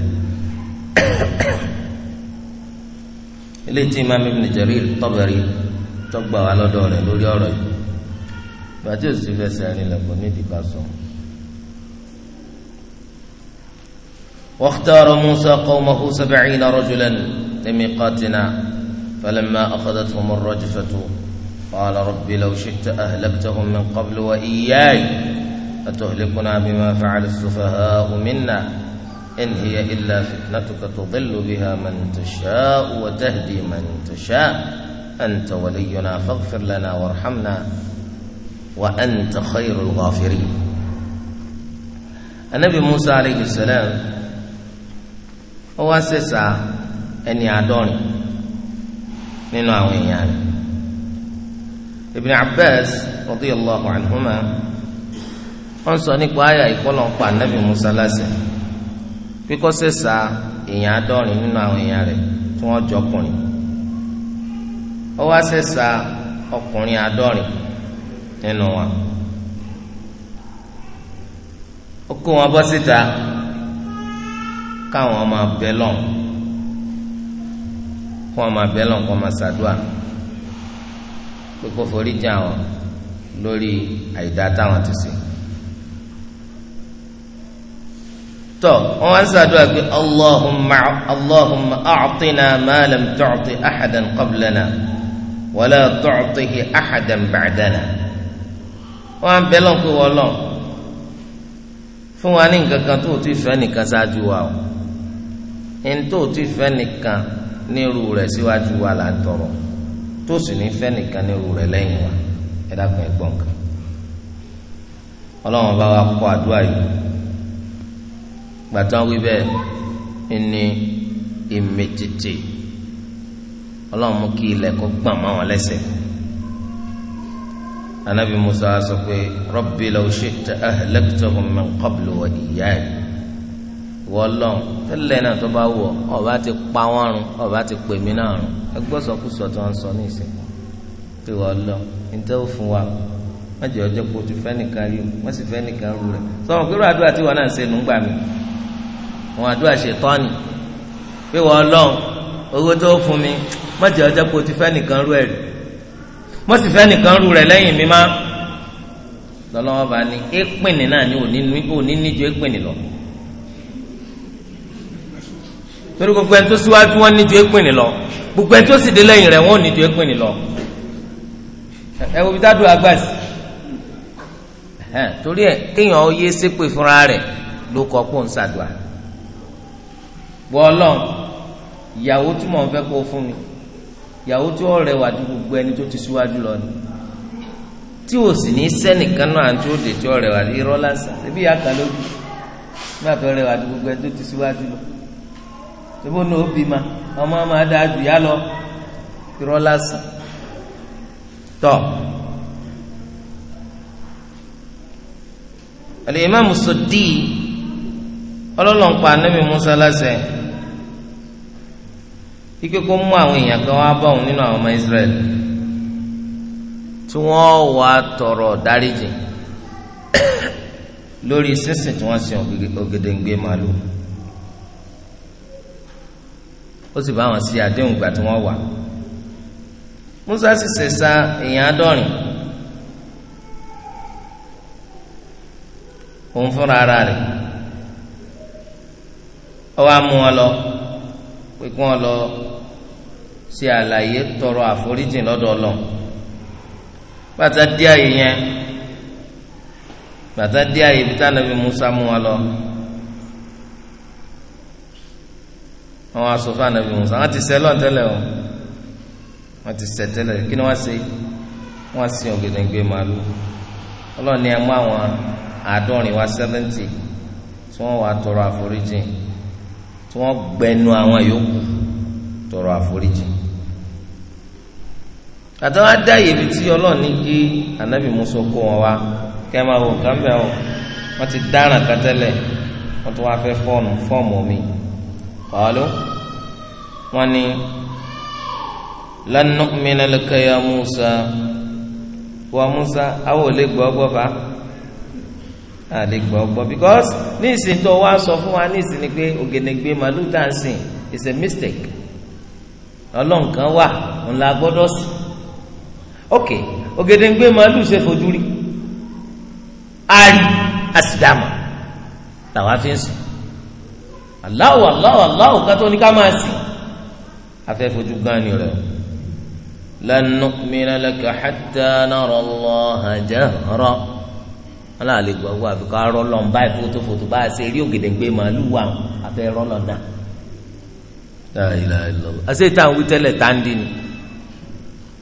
إلي تيمام ابن جرير طبري تقبع على دوني لولي أوري باتيو سيفي سان الله كوني دي باسون واختار موسى قومه سبعين رجلا لميقاتنا فلما أخذتهم الرجفة قال رب لو شئت أهلكتهم من قبل وإياي أتهلكنا بما فعل السفهاء منا إن هي إلا فتنتك تضل بها من تشاء وتهدي من تشاء أنت ولينا فاغفر لنا وارحمنا وأنت خير الغافرين النبي موسى عليه السلام هو سيسا أن يعدون من àwọn يعني Ibn Abbas radiyallahu anhuma wọ́n sọ nípa àyà ìkọlọ̀ ń pa Ànábì Musa láṣẹ kíkọ́ sẹ́sà èèyàn àádọ́rin nínú àwọn èèyàn ọkùnrin ọkùnrin wa ó kó wọn bọ́ síta kókó forí jì àwọn lórí àìdá táwọn ti ṣe. tọ wọn wá ń ṣàdúrà pé allahumma allahumma a'tina ma lam tu'ti ahadan qablana wala tu'tihi ahadan ba'dana wọn á bẹ lọ́nkú wọ́n lọ́n fún wa ní nǹkan kan tó o ti fẹ́ nìkan ṣáájú wa o ẹni tó o ti fẹ́ nìkan nírú rẹ̀ síwájú wa là ń tọrọ tó sì ní fẹ́ nìkan ní irú rẹ̀ lẹ́yìn wa ẹ dákun ẹ gbọ́n kan ọlọ́run bá wa kọ́ àdúrà yìí gbàtàn wí bẹ́ẹ̀ ní ìmìtìtì ọlọ́run mú kí ilẹ̀ kó gbọ̀n mọ́ wọn lẹ́sẹ̀ anabi musa sọ pé rabbi law shi'ta ahlaktahum min qablu wa iyyaya wọlọ́n tẹ́lẹ̀ náà tó bá wọ̀ ọba ti pa wọ́n run ọba ti pè mí náà run ẹgbẹ́ sọkúsọ tí wọ́n sọ ní ìsìn pé wọlọ́n níta ó fún wa má jẹ́ ọjọ́ pé o ti fẹ́ nìkan rí o má sì fẹ́ nìkan rú rẹ̀ sọ̀rọ̀ kí ló àdúrà tí wọn náà ṣe nùgbà mi wọn àdúrà ṣe ni pé wọlọ́n owó tó fún mi má jẹ́ ọjọ́ pé o ti fẹ́ nìkan rú ẹ̀ má sì fẹ́ nìkan rú rẹ̀ lẹ́yìn mi má lọ́lọ́wọ́ bá ní ẹ̀pìnì torí gbogbo ẹni tó síwájú wọn ní ju ẹ̀pìnì lọ gbogbo ẹni tó sì dé lẹ́yìn rẹ̀ wọn ní ju ẹ̀pìnì lọ ẹ wo bí tá a dùn àgbà sí torí ẹ kéèyàn yé ṣépè fúnra rẹ̀ ló kọ pọ̀ ń ṣàdùà bọ́ọ̀lọ́ ìyàwó tí mò ń fẹ́ kó fún mi ìyàwó tí ó rẹwà ju gbogbo ẹni tó ti síwájú lọ ni tí o sì ní sẹ́nìkan náà àti òde tí ó rẹwà irọ́ lásán ẹbí yàtọ̀ lójú nígbà tó rẹwà ju gbogbo ẹni tó ti síwájú lọ síbò ní òbí ma ọmọ máa dáa jù yá lọ irọ́ lásán tọ́ alimami sodi ọlọ́lọ́npa anabi musa lásẹ̀ ike kó mú àwọn èèyàn kan wá bá òun nínú àwọn ọmọ israẹli tí wọ́n wà tọrọ dáríjì lórí sísìn tí wọ́n sin ògèdèǹgbè màlúù ó sì bá wọn sí àdéhùn ìgbà tí wọ́n wà musa sì sẹ̀sà èèyàn àádọ́rin òun fúnra ara rẹ̀ ó wá mú wọn lọ pé kí wọ́n lọ ṣe àlàyé tọrọ àforíjìn lọ́dọ̀ Ọlọ́run bàtà dí àyè yẹn bàtà dí àyè bí tá a musa mú wọn lọ. àwọn asòfin anabi musa wọn ti ṣe lọ́ntẹ́lẹ̀ o wọn ti ṣe tẹ́lẹ̀ kí ni wọ́n ṣe wọ́n ṣe ògèdèǹgbè màálù ọlọ́ọ̀ni ẹ̀ mú àwọn àádọ́rin wá sẹ́lẹ̀ntì tí wọ́n wàá tọrọ àforíjì tí wọ́n gbẹnu àwọn yòókù tọrọ àforíjì àtàwọn adáyé ibi tí ọlọ́ọ̀ni kí anabi musa kó wọn wá kẹ́ máa wò kán bẹ́ẹ̀ ti dáràn kátẹ́lẹ̀ wọ́n tún wá fẹ́ fọ́ọ̀mù fọ́ọ̀mù mi. قالوا wọ́n لن نؤمن لك يا موسى، وموسى wa Musa àwọn ò gbọ́ gbọ́ because ní ìsìn tó wá sọ fún wa ní ni pé ògènègbè màlúù tá is a mistake ọlọ́nkan wà ńlá gbọ́dọ̀ sí ok ògèdèǹgbè màálù ṣe fojú rí àrí àsìdámà
làwọn afi ń sùn
Allahu Allahu Allahu kátó ní ká máa sìn afẹ́fojú gánni rẹ̀ lan nu'mina laka hatta nara Allaha jahra aláàlẹ́ gbọ́gbọ́ àfikọ́ arọ́ lọ́n báyìí fótófótó bá a ṣe rí ògèdèǹgbè màálù wà àfẹ́ rọ́ lọ́n dà àṣẹ ìtàn wí tẹ́lẹ̀ tàǹdì ni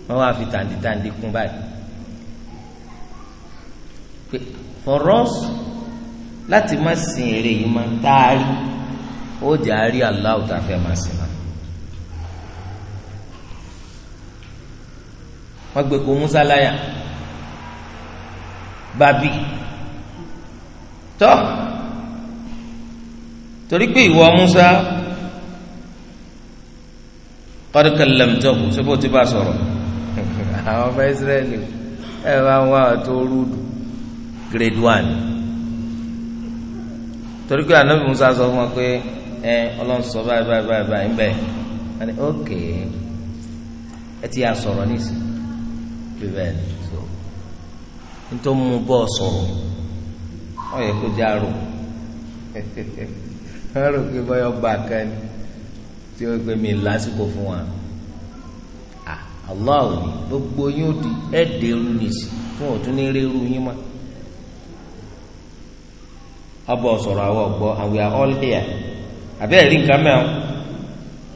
wọ́n wá fi tàǹdì tàǹdì kún báyìí for us láti má sin èrè yìí máa ń taari ó jẹ́ àárí aláwọ̀ tá a fẹ́ máa sìn náà. wọ́n gbé ko musa láyà bàbí tọ́ torí pé ìwọ musa kọ́dọ̀kẹ́lẹ́mtọ́kù síbò tí bá sọ̀rọ̀ <laughs> àwọn ọmọ israẹli ẹ bá ń wá ọtọ rúdù grade one torí pé anabi musa sọ fún wa pé. ẹ ọlọ́run sọ báyìí báyìí báyìí báyìí ńbẹ ẹni ok ẹ ti yà sọ̀rọ̀ nísìnyí bíbẹ́ nítorí ọ yẹ <laughs> pé ọgbà kan tí ó gbé mi fún wa gbogbo yín di nìsí fún òtún ní rírú yín mọ́ ọbọ̀ sọ̀rọ̀ and we are all here. àbẹ́ẹ̀ rí nǹkan mẹ́rin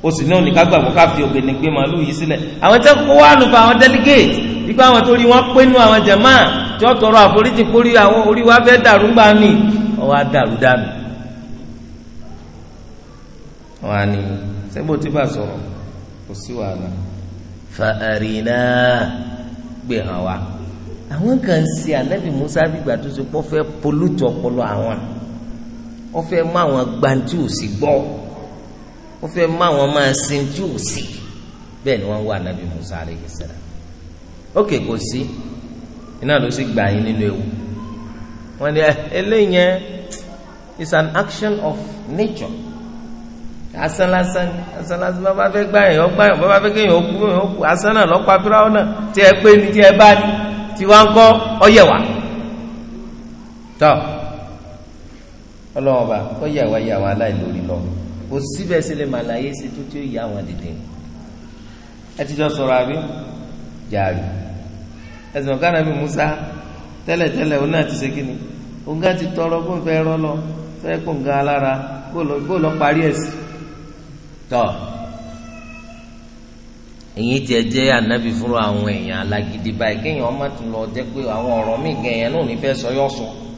o sì ní oníkà gbàgbọ́ ká fi ògbéni gbé màálù yìí sílẹ̀ àwọn tẹ́ kó wá lùfà àwọn delegate ipa àwọn tó rí wọn pé nú àwọn jẹ̀má tí wọ́n tọrọ àforíjì kórí àwọn orí wa fẹ́ dàrú gbà mí ọwọ́ á dàrú dànù. wọn á ní sẹ́gbó tí bá sọ̀rọ̀ kò sí wàhálà fa àrínà gbé hàn wá àwọn kan ń ṣe ànábì Musa bí gbàdúrà pọ̀ fẹ́ polútù ọpọlọ àwọn wọ́n fẹ́ mú àwọn gbantí òsì gbọ́ wọ́n fẹ́ mú àwọn máa sin tí òsì bẹ́ẹ̀ ni wọ́n wà nábì Musa alayhi salam ókè kò sí iná ló sì gbà yín nínú ewu wọ́n ní eh, eléyẹn is an action of nature Asan lásán asan lásán bàbá fẹ́ gbà yẹn ọgbà yẹn bàbá fẹ́ kéèyàn ọkú yẹn ọkú asán náà lọ́pàá fúráwọ́ náà tí ẹ pé ni tí ẹ bá ní tí wọ́n ń kọ́ ọ yẹ wà ọlọ́wọ́n bá kọ́ yàwá yàwá aláìlórí lọ kò síbẹ̀ sílẹ̀ mà láyé sí tó tí ó yà wọn dìde ẹtijọ́ sọ̀rọ̀ àbí jàre ẹ̀sìn ọ̀gá nàbí Musa tẹ́lẹ̀tẹ́lẹ̀ òun náà ti ṣe kí ni òun gá ti tọrọ kó n fẹ́ rọ́ lọ fẹ́ kó n ga alára kó lọ parí ẹ̀sìn tọ́ èyí tiẹ̀ jẹ́ ànábì fúnra àwọn èèyàn alágídí báyìí kéèyàn ọmọ tó lọ jẹ́ pé àwọn ọ̀rọ̀ míì gẹ̀yẹn náà ò ní fẹ́ sọ yọ̀ sọ. So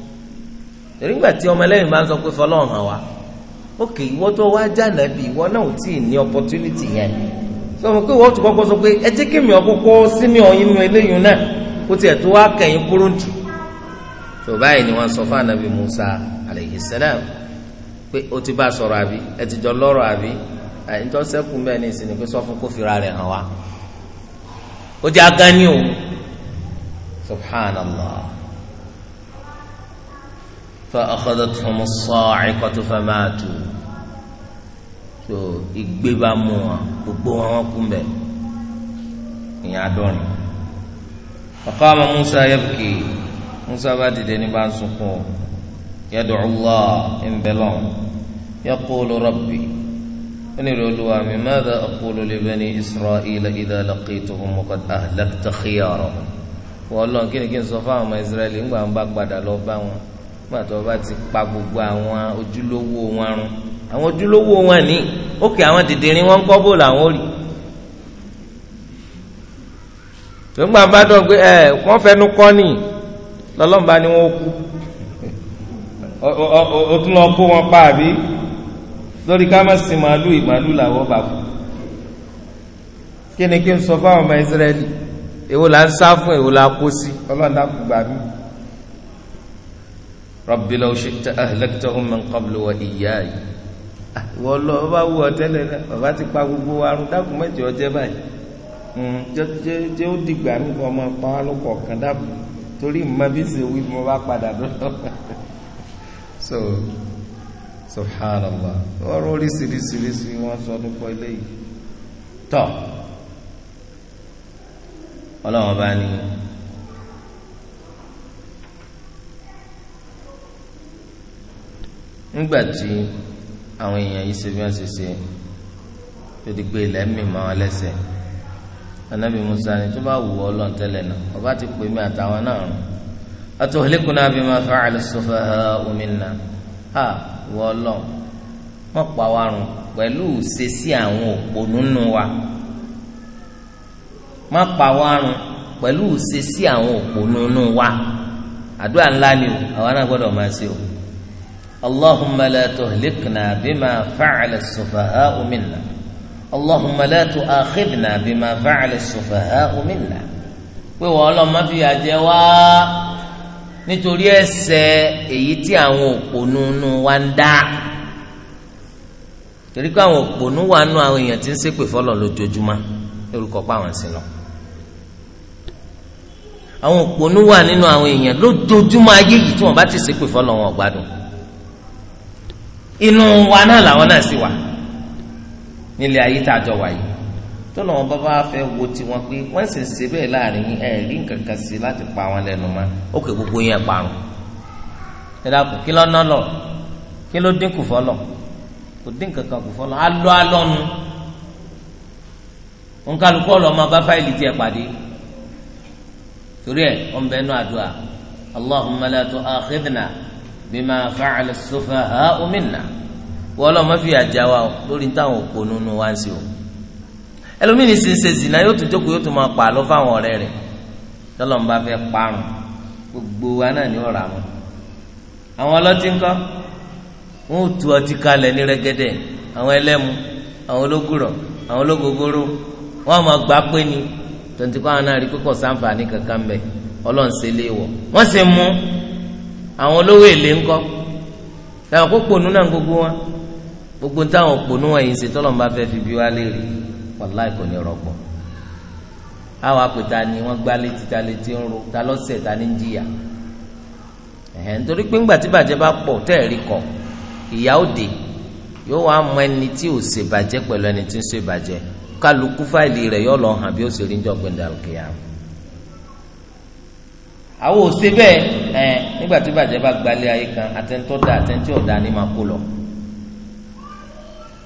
torí ti tí ọmọlẹ́yìn bá ń sọ pé fọlọ́run hàn wá ókè ìwọ tó wá jáde bí ìwọ náà ò tí ì ní opportunity yẹn sọ fún pé ìwọ tó kọ́kọ́ sọ pé ẹ jẹ́ kí mi ọkọ́kọ́ sí mi mi eléyìí jù tó báyìí ni wọ́n anabi Musa alayhi salam pé ti bá sọ̀rọ̀ àbí ẹ ti jọ lọ́rọ̀ àbí ni pé sọ o subhanallah فأخذتهم الصاعقة فماتوا so igbe ba mu wọn gbogbo wọn wọn kú mbẹ ìyẹn adọrin faqama Musa yabki Musa bá dìde ní bá ń sunkún yad'u Allah ìmbẹlọn yaqulu rabbi onírè olúwa mi madha aqulu li bani Isra'ila idha laqituhum wa qad ahlakta khiyarahum wọ́n lọ́n kí sọ fáwọn ọmọ Israẹli ńgbà ń bá padà lọ bá wọn nígbà tó bá ti pa gbogbo àwọn ojúlówó wọn run àwọn ojúlówó wọn ní òkè àwọn dìndínrín wọn kọ́ bò làwọn ò rí tòǹgbà bá dọ̀ pé ẹ wọ́n fẹnu kọ́ ni lọ́lọ́mùbá ni wọ́n kú o tún lọ kó wọn pa àbí lórí ká má sin màálù ìmàálù làwọn bá kú kí ni kí n sọ fáwọn ọmọ ìsírẹ́lì èwo là ń sá fún èwo là ń kó sí ọlọ́dà kù gbà rabbi law shi'ta ahlaktahum min qablu wa iyyayi ah, wọ́n lọ ọba wú ọ tẹ́lẹ̀ náà bàbá ti pa gbogbo arun dákun mẹ́jọ ọjẹ́ báyìí hmm, jẹ́ ó dìgbà mi kọ́ ọmọ pa wá lóko ọ̀kan dákun torí mọ bí ṣe mo bá padà lọ́dọ̀ <laughs> so subhanallah ọ̀rọ̀ oríṣiríṣiríṣi wọ́n sọ nípa eléyìí tọ́ ọlọ́run bá ní. nígbà tí àwọn èèyàn yìí ṣe bí wọ́n ṣe ṣe lódì pé ilẹ̀ mi mọ́ wọn lẹ́sẹ̀ anabi musa ni tó bá wù ọ́ lọ́n tẹ́lẹ̀ náà ọba ti pè mí àtàwọn náà rùn atuhlikuna bima fa'ala sufaha'u minna ha wọ́ lọ́n wọ́n pa wa rùn pẹ̀lú ṣe àwọn òpònú nù wa má pa wa rùn pẹ̀lú ṣe àwọn òpònú nù wa àdúrà ńlá ni o àwa náà gbọ́dọ̀ máa ṣe o. اللهم لا تهلكنا بما فعل السفهاء منا اللهم لا تؤاخذنا بما فعل السفهاء منا pé wọ́n lọ má fi àjẹ wá nítorí ẹ̀ṣẹ̀ èyí torí pé àwọn òpònú wa nu àwọn èèyàn tí ń ṣépè fọlọ́ lójoojúmọ́ lórúkọ pa àwọn sí lọ àwọn òpònú wa nínú àwọn èèyàn lójoojúmọ́ ayé yìí tí wọ́n bá ti ṣépè fọlọ́ wọn ọ̀gbádùn inú wa náà làwọn náà sì wà nílé ayé tá a jọ wà yìí tọ́nà wọn bá bá fẹ́ wo tiwọn pé wọ́n sì ṣe bẹ́ẹ̀ láàrin ẹ̀ rí nǹkan kan sí láti pa wọn lẹ́nu mọ́ ó kè gbogbo yẹn parun ẹ̀dá kù kí lọ́nà lọ kí ló dín fọlọ kò dín kan kù fọlọ alọ́ alọ́nu nkálukú ọ̀lọ́ bá fáìlì tiẹ̀ pàdé torí ẹ̀ ọ̀nbẹ́nu àdúrà allahumma la tu'akhidhna bima fa'ala as-sufaha'u minna wọ́n lọ́ọ́ má fi àjà wa lórí táwọn òpó nínú wá ń sí o ẹlòmíì ní sinse zina yóò tún jókòó yóò tún máa pa lọ fáwọn ọ̀rẹ́ rẹ̀ tọ́lọ̀ ń bá fẹ́ parun gbogbo wa náà ní ọ̀rọ̀ àwọn àwọn ọlọ́tí ńkọ́ wọn ò tu ọtí kalẹ̀ ní rẹ́gẹ́dẹ́ àwọn ẹlẹ́mu àwọn ológùrọ̀ àwọn ológogoro wọn máa gbà pé ni tontì àwọn náà rí pé kò sáǹfààní kankan bẹ̀ ọlọ́run ṣe léèwọ̀ wọ́n sì mú àwọn olówó èlé ńkọ́ táwọn kó pònú náà gbogbo wọn gbogbo táwọn pònú wọn yìí ń ṣe tọ́lọ́mù bá fẹ́ fi bí wá léèrè wàláì kò ní rọgbọ àwọn apẹta ni wọ́n gbá létí ta létí ń ta lọ́sẹ̀ ta ní jìyà nítorí pé ńgbà tí bàjẹ́ bá pọ̀ tẹ́ẹ̀rí ìyá òde yóò wá mọ ẹni tí ò bàjẹ́ pẹ̀lú ẹni tí ń bàjẹ́ kálukú fáìlì rẹ̀ yóò lọ hàn bí ó àwọn ò ṣe bẹ́ẹ̀ ẹ nígbà tí bàjẹ́ bá gbalẹ̀ ayé kan àtẹ̀ntọ́ da àtẹ̀ntẹ́ ọ̀dà ni máa kó lọ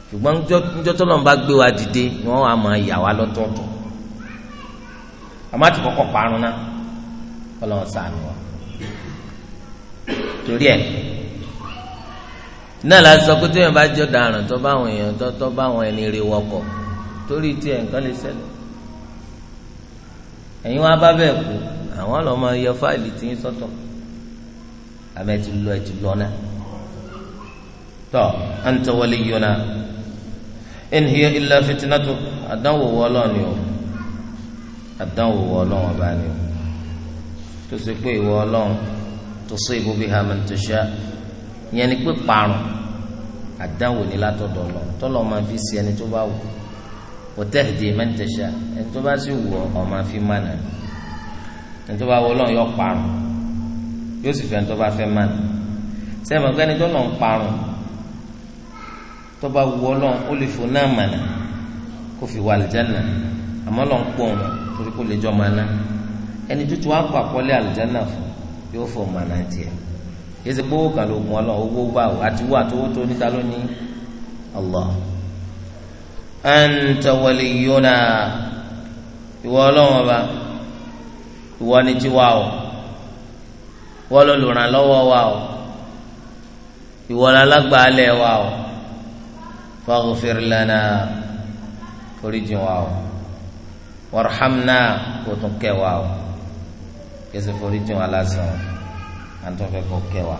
ṣùgbọ́n níjọ́ tó lọ́n bá gbé wa dìde ni wọ́n á máa yà wá lọ́tọ̀ọ̀tọ̀ àmọ́ àti kọ́kọ́ parun ná ọlọ́run sànù wa torí ẹ̀ náà la sọ pé tóyàn bá jọ dàrán tó bá àwọn èèyàn tó tó bá àwọn ẹni rí wọkọ̀ torí tiẹ̀ nǹkan lè ṣẹlẹ̀ ẹ̀yin wọn á bá bẹ́ẹ̀ kú àwọn lọ máa yọ fáìlì tí ń sọ́tọ̀ àbẹ ti lọ ẹ ti lọ náà tọ anta waliyuna in hiya illa fitinatu àdánwò wọlọ ni o àdánwò wọlọ wọn bá ni o tó ṣe pé ìwọ Ọlọ́run tusibu biha man tasha yẹn ni pé parun àdánwò ni látọ̀dọ̀ lọ tọ́lọ́ máa fi sí ẹni tó bá wù wa tahdi ẹni tó bá sì wù ọ máa fi mánà ni ẹni tó bá wọ lọ́n yọ parun yóò sì fẹ́ ẹni tó bá fẹ́ mánà sẹ́mi ọ̀gá ẹni tó lọ́n parun tó bá wọ lọ́n ó lè fò náà mànà kó fi wà àlìjáná àmọ́ lọ́n pọ̀ ọ́n torí kó lè jọ mànà ẹni tó ti wá kọ́ àkọ́lé àlìjáná fún yóò fò mànà tiẹ̀ yìí gbówó kan ló mú ọ lọ owó bá o àti wó àti tó níta ló ní Allah anta waliyuna ìwọ ọlọ́wọ́n ọba ìwọ ni tiwa o ìwọ lolùrànlọ́wọ́ wa o ìwọ lalágbàálẹ̀ wa o faghfir lana foríjì wa o warhamna kò tún kẹ́ wa o kẹsì foríjì wa lásán àtúnfẹ́ kò kẹ́ wa.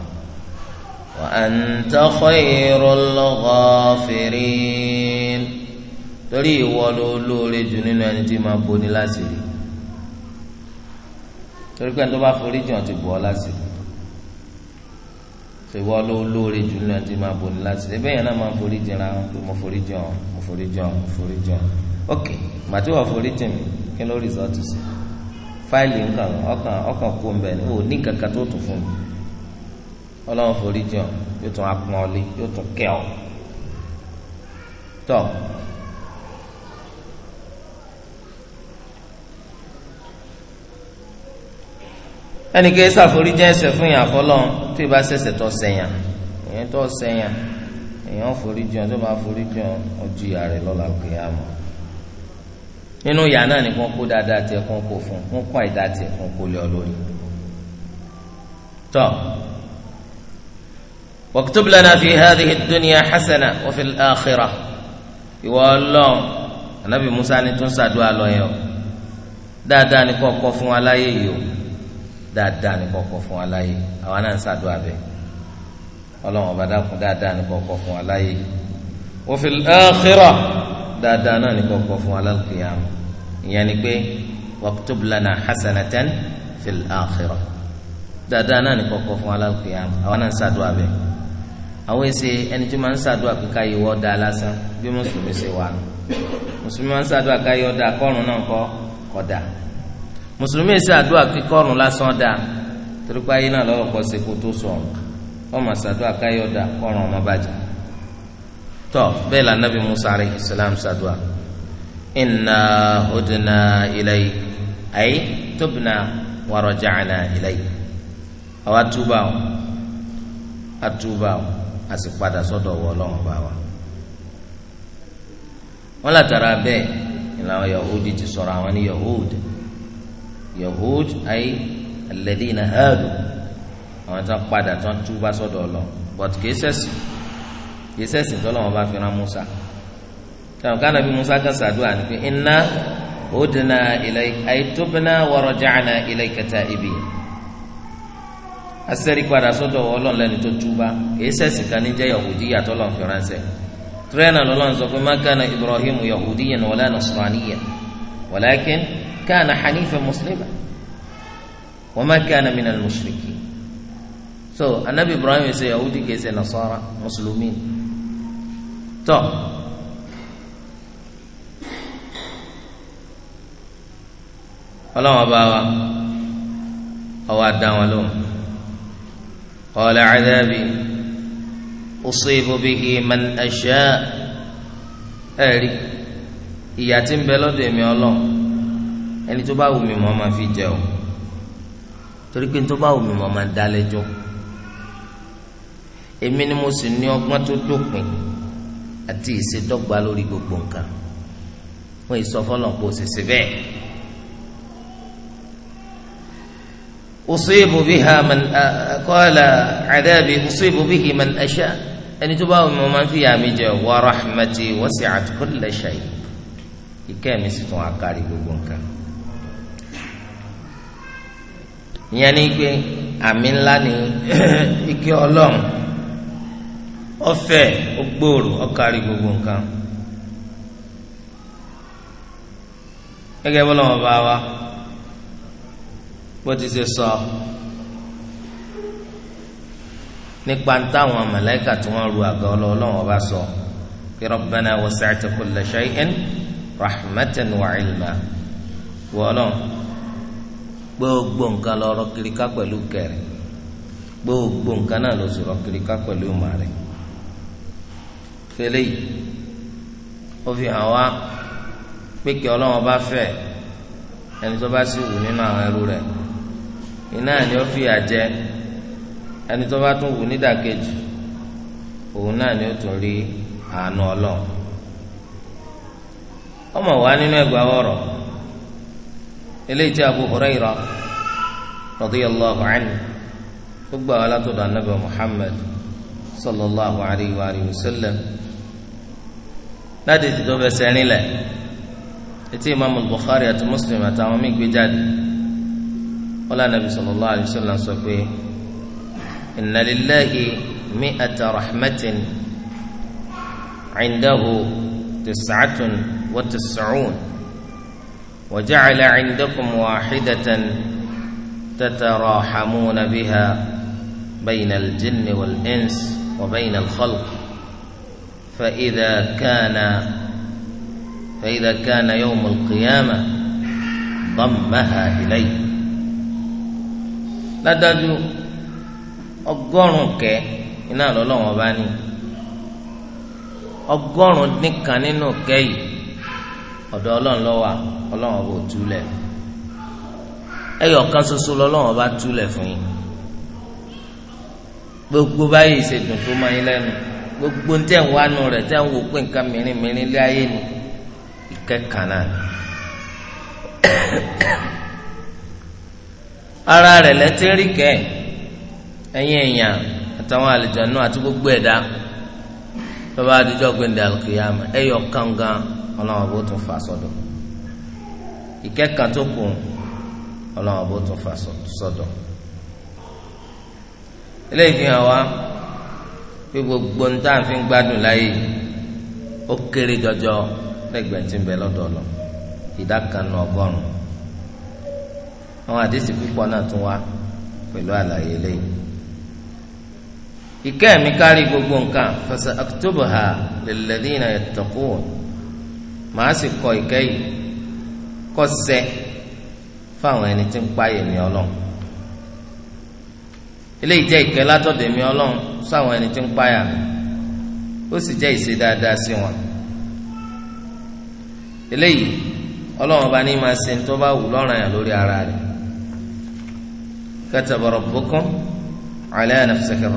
wa anta khayrul ghafirin torí ìwọ ló lóore jù nínú ẹni tí máa boni láti rí torí pé ẹni tó bá forí jìn ọtí bọ́ láti ṣe wọ́n ló lóore jù lọ́n ti máa bọ̀ ní láti ṣe bẹ́ẹ̀ yẹn náà máa forí jìn ra pé mo forí jìn ọ mo forí jìn ọ mo forí jìn ọ ok màtí wọ́n forí jìn mi kí ló rìsọ́ọ̀tì sí fáìlì nǹkan ọkàn ọkàn kú mbẹ ní òní kankan tó tún fún mi ọlọ́run forí jìn yóò tún apọ́n ọ yóò tún kẹ́ ọ tọ́. ẹnìkan ṣàforíjẹ́ ẹ̀ṣẹ̀ fún yàn àfọlọ́run tó ìbá ṣẹ̀ṣẹ̀ tó ṣẹ̀yàn èèyàn tó ṣẹ̀yàn èèyàn foríjìn tó bá foríjìn ojú ìyá rẹ̀ lọ́la òkè àmọ́ nínú ìyá náà ni wọ́n kó dáadáa tiẹ̀ kó kó fún wọ́n kó àìdá tiẹ̀ kó kó lé ọ lórí. tọ́ waktub lana fi hadhihi dunya hasana wa fil ìwọ ọlọ́run anabi musa ni tún ṣàdúrà lọ dáadáa ni kò kọ́ fún wa yìí o dáadáa ní kọ̀ọ̀kan fún wa láyé àwa náà ń ṣàdúrà bẹ́ẹ̀ ọlọ́run ọba dákun dáadáa ní kọ̀ọ̀kan fún wa láyé wa fil akhirah dáadáa náà ní kọ̀ọ̀kan fún wa lálùkìyàmù ìyẹn ni pé waktub lana hasanatan fil akhirah dáadáa náà ní kọ̀ọ̀kan fún wa lálùkìyàmù àwa náà ń ṣàdúrà bẹ́ẹ̀ àwọn èsè ẹni tí máa ń ṣàdúrà kíkà yìí wọ́ da lásán bí mùsùlùmí ṣe wà mùsùlùmí máa ń ṣàdúrà káyọ̀ da kọ́run náà kọ́ kọ́ da mùsùlùmí ṣe àdúrà kíkọrùn lásán dáa torí pé ayé náà lọ́wọ́ pọ̀ sí kó tó sọ̀rọ̀ wọ́n máa ṣàdúrà káyọ̀ dà kọ́rùn ọmọ bàjẹ́ tọ́ bẹ́ẹ̀ la nabi musa alayhi salam ṣàdúrà inna hudna ilayk ay tubna wa raja'na ilayk àwa túbà o àtúbà o a sì padà sọ́dọ̀ wọ ọlọ́run bá wa wọ́n látara bẹ́ẹ̀ ìlànà yahudi ti sọ̀rọ̀ àwọn ní yahudi yahud ayi alladhina hadu àwọn tó ń padà tó ń túbà sọ́dọ̀ ọlọ but kìí sẹ́sìn kìí sẹ́sìn tó lọ́wọ́ bá fi ran musa táwọn kan nàbí musa kan sàdúrà ni pé inna hudna ilayka ay tubna wa raja'na ilayka ta'ibi asẹ́rí padà sọ́dọ̀ ọlọ́run lẹ́ni tó túbà kìí sẹ́sìn kan ní jẹ́ yahudi yàtọ̀ lọ́n fi ránṣẹ́ tírẹ́nà lọ́lọ́run sọ pé má kana ibrahim yahudiyan wala nasraniyan walakin. كان حنيفا مسلما وما كان من المشركين so anabi ibrahim ṣe yahudi kìí ṣe nasara mùsùlùmí tọ ọlọ́wọ́n bá wa ọwọ́ àdáwọn lóhùn qala adhabi usibu bihi man asha ẹ̀rí ìyà tí ń bẹ lọ́dọ̀ èmi ọlọ́run ẹni tó bá wù mí mo máa fi jẹ o torí pé tó bá wù mí mo máa dá lẹ́jọ́ èmi ni mo sì ní ọgbọ́n tó dópin àti ìṣèdọ́gba lórí gbogbo nǹkan wọ́n yìí sọ fọlọ́n pé òṣìṣẹ́ bẹ́ẹ̀. أصيب بها من قال عذابي أصيب به من أشاء ẹni tó bá wọn máa ń fi àmì jẹ wa rahmati wasi'at kulla shay ìkẹ́ mi sì tún àkárí gbogbo nǹkan. ìyẹn ni pé àmì ńlá ni <coughs> ike ọlọ́run ọfẹ ọgbòòrò ọkàrí gbogbo nǹkan gẹ́gẹ́ bọlọ wọn bá wa bó ti ṣe sọ nípa táwọn màláíkà tí wọ́n ru àga Ọlọ́run ọba sọ kí Rabbana wasi'ta kulla shay'in rahmatan wa ilma wọlọrun gbogbo nǹkan lọ rọ kirika ká pẹ̀lú kẹrẹ gbogbo nǹkan náà lọ sí rọ kirika pẹlụ pẹ̀lú màrẹ fẹlẹ ó fi hàn wá pé kí ọlọ́wọ́n bá fẹ́ ẹni tó bá sì wù nínú àwọn ẹrú rẹ̀ iná ni ó fìyà jẹ ẹni tó bá tún wù nídàkejì òun náà ni ó tún rí àánú ọmọ eléyìí tí Abu Hurairah radiyallahu anhu gbogbo àwọn alátọ̀dọ̀ anabi Muhammad sallallahu alayhi wa alihi wa sallam láti ti dọ́bẹ̀ sẹ́rin lẹ̀ etí imaamu Bukhari àti Muslim àtàwọn míì gbé jáde wọn lànàbi sallallahu alayhi wa sallam sọ pé inna lillahi mi'ata rahmatin indahu tis'atun wa tis'un. وجعل عندكم واحدة تتراحمون بها بين الجن والإنس وبين الخلق فإذا كان فإذا كان يوم القيامة ضمها إلي، لا ọgọ́rùn kẹ iná lọ́lọ́run ọba ní ọgọ́rùn dín kan nínú kẹ ọlọ́run ọba ò túlẹ̀ ẹyọ kan soso lọ́lọ́run ọba túlẹ̀ fún yín gbogbo báyìí ìṣègùn tó máa yín lẹ́nu gbogbo ń tẹ̀ ń wánu rẹ̀ tẹ̀ ń wò pé nǹkan mìíràn mìíràn lé ayé ni ìkẹ́kàn náà ara rẹ̀ lẹ́tẹ́rì kẹ́ ẹ̀yìn èèyàn àtàwọn àlejò náà gbogbo ẹ̀dá bàbá àdìjọ́ gbẹ̀ndẹ̀ àlùkìyàmẹ́ ẹ̀yọ kan gan ọlọ́run ọba ó tún fà sọ́dọ̀. ìkẹ́kàn tó kù ọlọ́run ọ̀bọ tún fà sọ́dọ̀ eléyìí fi hàn wá pé gbogbo ní tá à ń fi gbádùn láyé ó kéré jọjọ lẹ́gbẹ̀ẹ́ tí ń bẹ lọ́dọ̀ lọ ìdá kan ọgọ́rùn àwọn àdéhùn púpọ̀ náà tún wá pẹ̀lú àlàyé eléyìí ìkẹ́ mi kárí gbogbo nǹkan fasa aktubuha lilladhina yattaqun màá sì kọ ìkẹ́ yìí. kọsẹ fáwọn ẹni tí ń páyè mi Ọlọ́run eléyìí jẹ́ ìkẹ́ látọ̀dọ̀ mi Ọlọ́run sáwọn ẹni tí ń páyà mi ó sì jẹ́ ìṣe dáadáa sí wọn eléyìí Ọlọ́run ọba ní máa ṣe tó bá wù lọ́ràn yàn lórí ara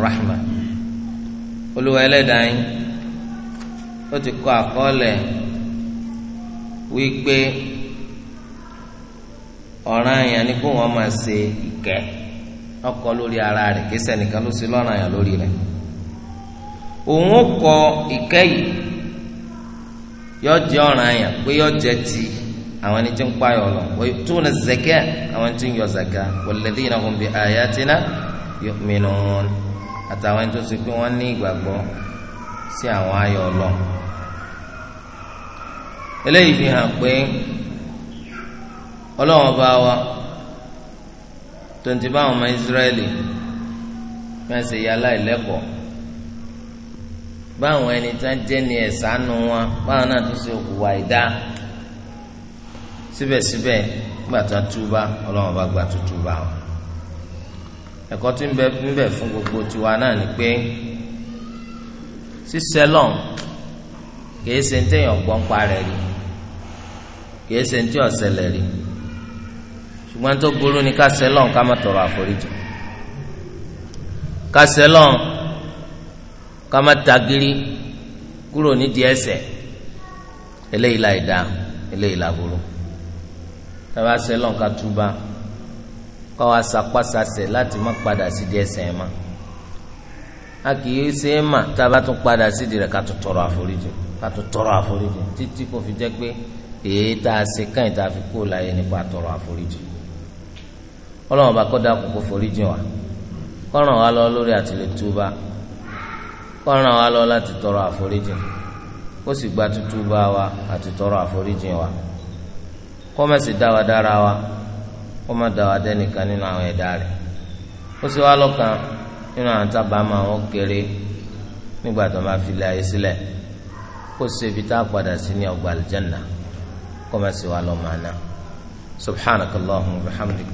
rahma Olúwa Ẹlẹ́dàá ó ti kọ àkọọ́lẹ̀ ọ̀ràn anya ni kó wọn máa ṣe ìkẹ́ ọkọ lórí ara rẹ̀ kí sẹ́nìkan ló ṣe lọ́ràn àyàn lórí rẹ̀ òun ó kọ ìkẹ́ yìí yọ jẹ́ ọ̀ràn pé yọ jẹ ti àwọn ẹni tí ń ọlọ. lọ tó na zẹkẹ́ àwọn ẹni tí ń yọ bi ayatina yu'minun àtàwọn ẹni tó ṣe pé ní sí àwọn lọ eléyìí fi hàn pé. ọlọ́run ọba wa tonti báwọn ọmọ israẹli fẹ́ẹ́ ṣe yálà ìlẹ́kọ̀ọ́ báwọn ẹni tán jẹ́ ni ẹ̀sánú wọn báwọn náà tún ṣe hùwà ìdá síbẹ̀síbẹ̀ gbàtà túbà ọlọ́run ọba gbàtà túbà wọn ẹ̀kọ́ tí ń bẹ ń bẹ fún gbogbo tiwa náà ni pé sísẹ lọ́n kìí ṣe ń tẹ̀yàn gbọ́n parẹ́ rí kìí ṣe ń tẹ̀yàn ṣẹlẹ̀ rí ṣùgbọ́n tó burú ni ká sẹ́lọ̀n ká má tọrọ àforíjì ká sẹ́lọ̀n ká má tagiri kúrò nídìí ẹ̀ṣẹ̀ eléyìí la ìdá eléyìí la burú tábà sẹ́lọ̀n ká túbà ká wá sapásasẹ̀ láti má padà sídìí ẹ̀ṣẹ̀ ẹ̀ má a kì í ṣe é mà tábà tún padà sídìí rẹ̀ ká tún tọrọ àforíjì ká tún tọrọ àforíjì títí kò fi jẹ́ pé èyí tá a ṣe káyìn tá a fi kó láyé nípa tọrọ àforíjì ọlọ́run bá kọ́dá kókó forí jìn wá kọ́ràn wa lọ lórí àtìlẹ́ túbá kọ́ràn wa lọ láti tọrọ àforíjìn kó sì gba tútúbá wa àti tọrọ àforíjìn wa kó má sì dá wa dára wa kó má dá wa dẹ́nìkan nínú àwọn ẹ̀dá rẹ̀ ó sì wá lọ́kàn nínú àwọn tábàámà wọn kéré nígbà tó máa fi lé ayé sílẹ̀ kó ṣebi tá a padà sí ní ọgbà àlùjánnà kó má sì wá lọ́ọ́ máa ná subhanakallahumma wa bihamdika.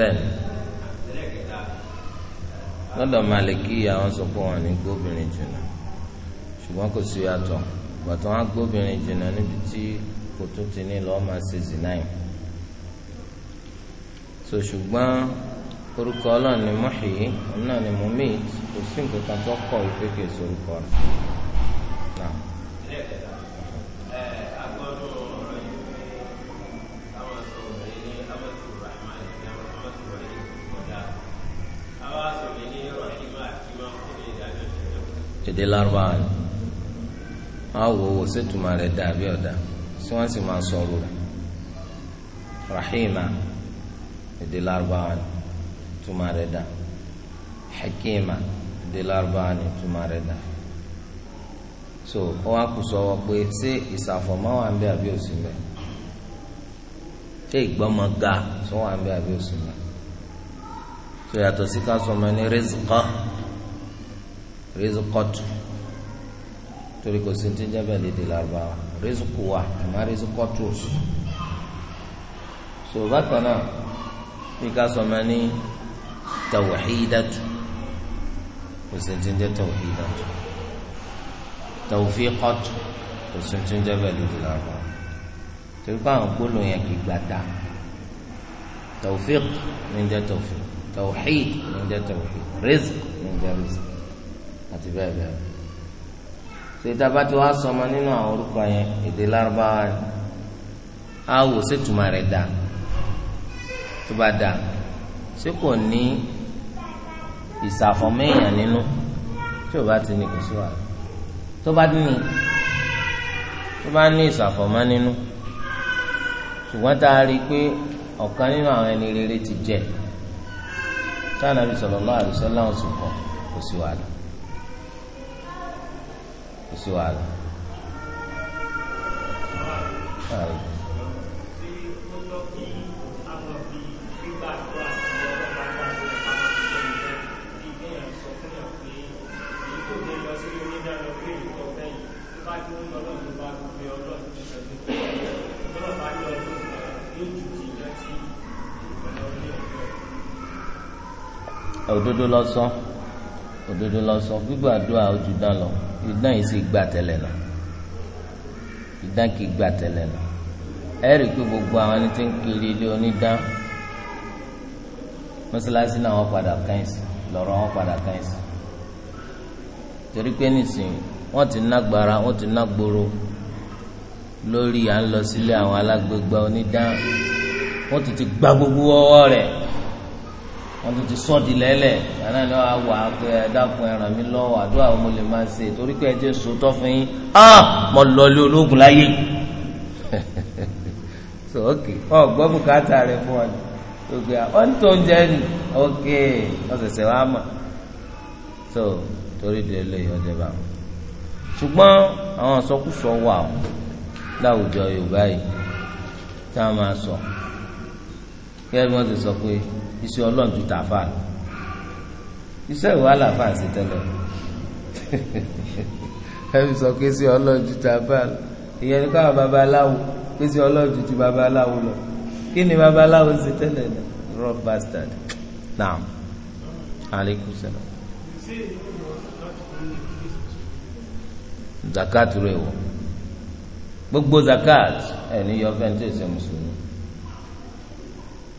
bẹ́ẹ̀ lọ́dọ̀ Màlíkì àwọn sọ pé ní gbóbìnrin jìnnà ṣùgbọ́n kò sí yàtọ̀ gbàtọ wọ́n gbóbìnrin jìnnà níbi tí kò tó ti ní lọ́ọ́ máa ṣe so ṣùgbọ́n orúkọ Ọlọ́run mọ́hìí ni kò sí nǹkan èdè lárúbáwá ni wọn á wò wò sétùmọ̀ rẹ̀ dà bí ọ̀dà tí wọ́n sì máa sọ̀rọ̀ rẹ̀ rahima èdè lárúbáwá ni túmọ̀ rẹ̀ dà hakima èdè lárúbáwá ni túmọ̀ rẹ̀ dà so ó wá kù sọ́wọ́ pé ṣé ìsàfọ̀mọ́ wà ń bẹ àbí òsì ń bẹ ṣé ìgbọ́mọ ga tó wà ń bẹ àbí òsì ń bẹ yàtọ̀ sí sọmọ ní rẹ́sìkọ́. rizqatu torí kò sí ti ń jẹ́ bẹ́ẹ̀ lédè rizqu wa ma rizqatu so bákan náà bí ká sọ ma ní tawhidat kò sí ti ń jẹ́ tawhidatu tawfiqatu kò sí jabe ń jẹ́ bẹ́ẹ̀ tori ko torí káwọn gbólóhùn yẹn kì gbàtà tawfiq ní ń jẹ́ tawfiq tawhid ní ń jẹ́ tawhid rizq ní ń jẹ́ rizq. àti bẹ́ẹ̀ bẹ́ẹ̀ sèta bá ti wá sọmọ nínú àwọn orúkọ yẹn èdè lárúbáwá rẹ á wò sétùmọ̀ rẹ̀ dá tó bá dá ṣé kò ní ìsàfọ̀mẹ́yàn nínú tí o bá ti ní kò sí wa tó bá ní tó bá ní ìsàfọ̀mọ́ nínú ṣùgbọ́n tá a rí i pé ọ̀kan nínú àwọn ẹni rere ti jẹ sáà nàbì sallallahu alaihi wasallam kò sí wa lọ kò sí wàhálà. òdodo lọ sọ. So òdodo lọ sọ gbígbàdúrà ojú dán lọ ìdán yìí sì gbà tẹ́lẹ̀ náà ìdán kì í gbà tẹ́lẹ̀ náà ẹ rí i pé gbogbo àwọn ẹni tí ń kiri ilé onídán mọ́sálásí náà wọ́n padà kẹ́yìn sí lọ́rọ̀ wọ́n padà kẹ́yìn sí torí pé nísìnyí wọ́n ti ná gbara wọ́n ti ná gbòòrò lórí à ń lọ sílé àwọn alágbègbè onídán wọ́n ti ti gba gbogbo ọwọ́ rẹ̀ wọn tó ti sọ́ọ̀dì lẹ́lẹ̀ yàrá ni wọ́n á wà á pé ẹ dákun ẹ ràn mí lọ́wọ́ àdúrà mo lè máa ṣe torí pé ẹ sòótọ́ fún yín ah mo lọ lé ológun láyé <laughs> so ok ọ gbọ́ bùkátà rẹ fún ọ gbogbo à ọ́n tó ń jẹ́ ni ok ọ̀sẹ̀sẹ̀ wa mà so torí de lè ọjọ́ bá wọn. ṣùgbọ́n àwọn àsọkúsọ wà ó láwùjọ Yorùbá yìí tá a máa sọ kí ẹ bí wọ́n ti sọ pé iṣẹ́ ọlọ́run ju tàfà lọ iṣẹ́ ìwà làfà sí tẹ́lẹ̀ <laughs> ẹbí sọ pé iṣẹ́ ọlọ́run ju tàfà lọ ìyẹn ní káwọn babaláwo pé iṣẹ́ ọlọ́run ju ti babaláwo lọ kí ni babaláwo sí tẹ́lẹ̀ náà rob bastard naam aleykum salaam zakat rẹ wọ gbogbo zakat ẹni yọ fẹ́ntì ẹsẹ mùsùlùmí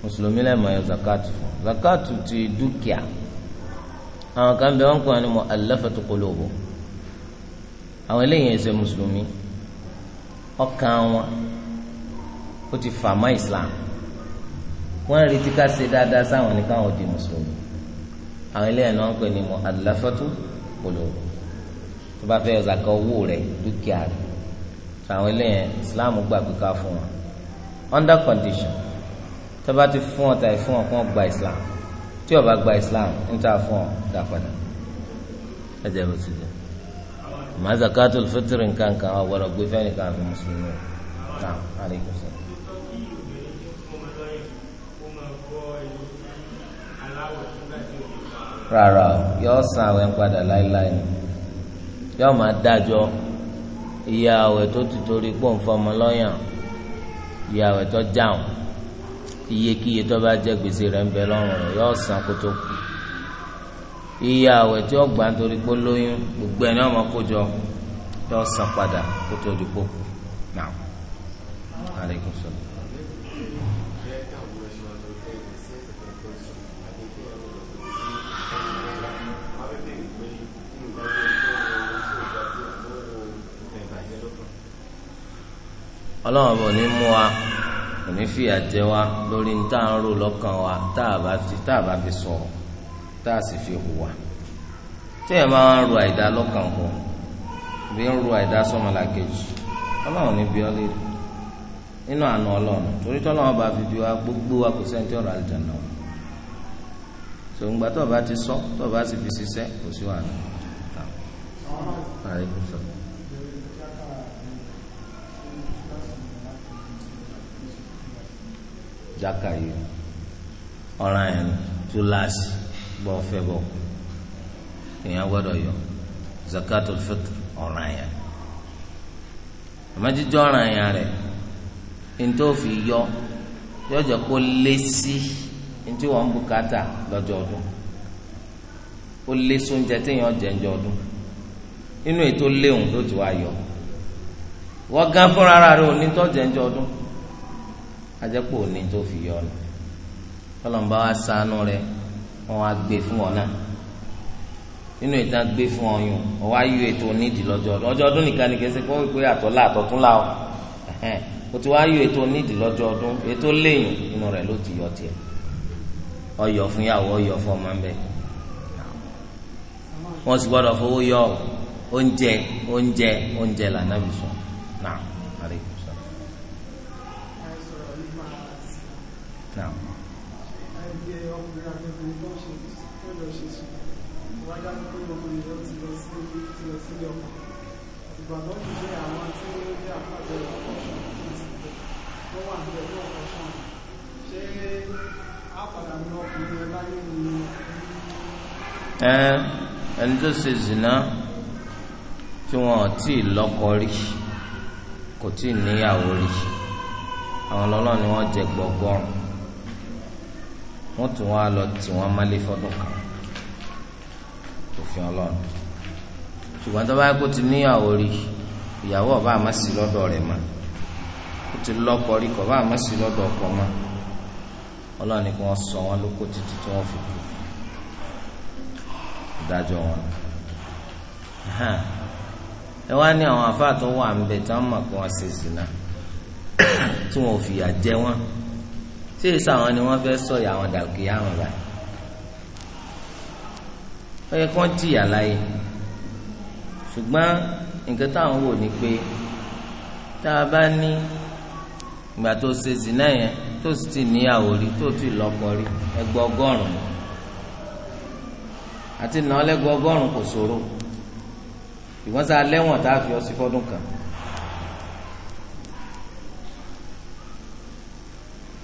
mùsùlùmí lẹ́ẹ̀mọ̀ ayọ̀ zakatu fún zakatu ti dúkìá àwọn kan bẹ wọn kọ́ ẹni mọ alẹ́fẹ̀tò kọlọ́bù àwọn eléyìí ẹsẹ̀ mùsùlùmí ọkàn wọn ó ti fà má islam wọn retí ká ṣe dáadáa sáwọn ní káwọn di mùsùlùmí àwọn eléyìí ni wọn kọ́ ẹni mọ alẹ́fẹ̀tò kọlọ́bù tó bá fẹ́ zaka owó rẹ̀ dúkìá rẹ̀ àwọn eléyìí islam gbàgbé ká fún wọn under condition tọ́ba ti fún ọ tàì fún ọ kó gba islam tí o bá gba islam ń tà fún ọ dà padà ẹ jẹ bó ti jẹ màá zakatul fitiri nǹkan kan ọ gbọ́dọ̀ gbé fẹni kan àfi mùsùlùmí náà aleykum sọ. rárá o yóò san àwẹ̀ ń láéláé ni máa dájọ́ iye àwẹ̀ tó ti torí pọ̀ ń fọmọ lọ́yàn iye àwẹ̀ tó jáwọn iyekíye tó bá jẹ gbèsè rẹ̀ ń bẹ lọ́rùn rẹ̀ yóò san kótó kù iye àwẹ̀ tí ó gbà nítorí pé lóyún gbogbo ẹ̀ ní ọmọ kójọ yóò san padà kótó dìpọ̀ náà aleykum salaam. ọlọ́run ọ̀bọ̀ ní mú wa òní fìyà jẹ wá lórí ní tá à ń rò lọ́kàn wa tá a bá fi tá a bá fi sọ̀rọ̀ tá a sì fi hùwà tí ẹ máa ń ro àìdá lọ́kàn kọ bí ń ro àìdá sọmọlàkejì ọlọ́run ní bíọ́ lè nínú àna ọlọ́run torí tọ́lọ́run bá fi bí wa gbogbo wa kò sẹ́ńtì ọ̀rọ̀ àlùjáná wa tòǹgbà tó o bá ti sọ tó o bá ti fi ṣiṣẹ́ kò sí wàhálà. Jaka yìí ọ̀ràn yẹn tó láàsì bọ́ fẹ́ bọ́ èèyàn gbọ́dọ̀ yọ zakatul fitr ọ̀ràn yẹn àmọ́jíjọ́ ọ̀ràn yẹn rẹ̀ ntòfi yọ yọjọ kó lé sí ntí wọn bùkátà lọ́jọ́ ọdún ó lé sóúnjẹ téèyàn jẹ ńjọ́ ọdún inú ètò léwùn ló ti wá yọ wọ́n gán fúnra rẹ̀ ọdún. ajẹ́pọ̀ òní tó fi yọ ọ̀nà tọ́lọ́mbà wa sànú rẹ wọ́n wá gbé fún ọ náà nínú ìtàn gbé fún ọyún ọwọ́ ayé ètò onídìí lọ́jọ́ ọdún ọjọ́ ọdún nìkan ni kì í ṣe kó pé àtọ́lá o ti wá ayé ètò onídìí lọ́jọ́ ọdún ètò léyìn inú ló yọ tiẹ̀ ọyọ fún yàwó ọyọ fún ọmọ ńbẹ wọn sì fowó yọ oúnjẹ oúnjẹ oúnjẹ lànà náà. ẹni tó ṣe zina tí wọn ò tí ì lọ́kọ rí kò tí ì níyàwó rí àwọn ọlọ́run ni wọ́n jẹ gbọ̀gbọ́n wọ́n tún wá lọ tì wọ́n mọ́lé fọ́dún kan òfin ọlọ́run ṣùgbọ́n tó bá yẹ kó ti níyàwó rí ìyàwó ọba àmọ́ sí lọ́dọ̀ rẹ̀ mọ́ ó ti lọ́kọ rí kọ̀ ọba àmọ́ sí lọ́dọ̀ ọkọ mọ́ ọlọ́run ni kí wọ́n sọ wọn lókò títí tí wọ́n fi kú ìdájọ́ wọn ẹ wá ní àwọn afá tó wà ń bẹ tí wọn mọ pé wọn ṣe zina <coughs> tí wọn ò fìyà jẹ wọn tí èsì àwọn ni wọn fẹ́ sọyà àwọn dàgbé àwọn báyìí ó yẹ kó jìyà láyé ṣùgbọ́n nǹkan táwọn wò ni pé tá a bá ní ìgbà tó ṣe zina yẹn tó sì ti níyàwó rí tó ti lọ́kọ rí ẹgbẹ́ ọgọ́rùn àti náà lẹ́gọ̀ ọgọ́rùn kò ṣòro ìwọ́n sá lẹ́wọ̀n tá a fi ọ sí fọ́dún kan.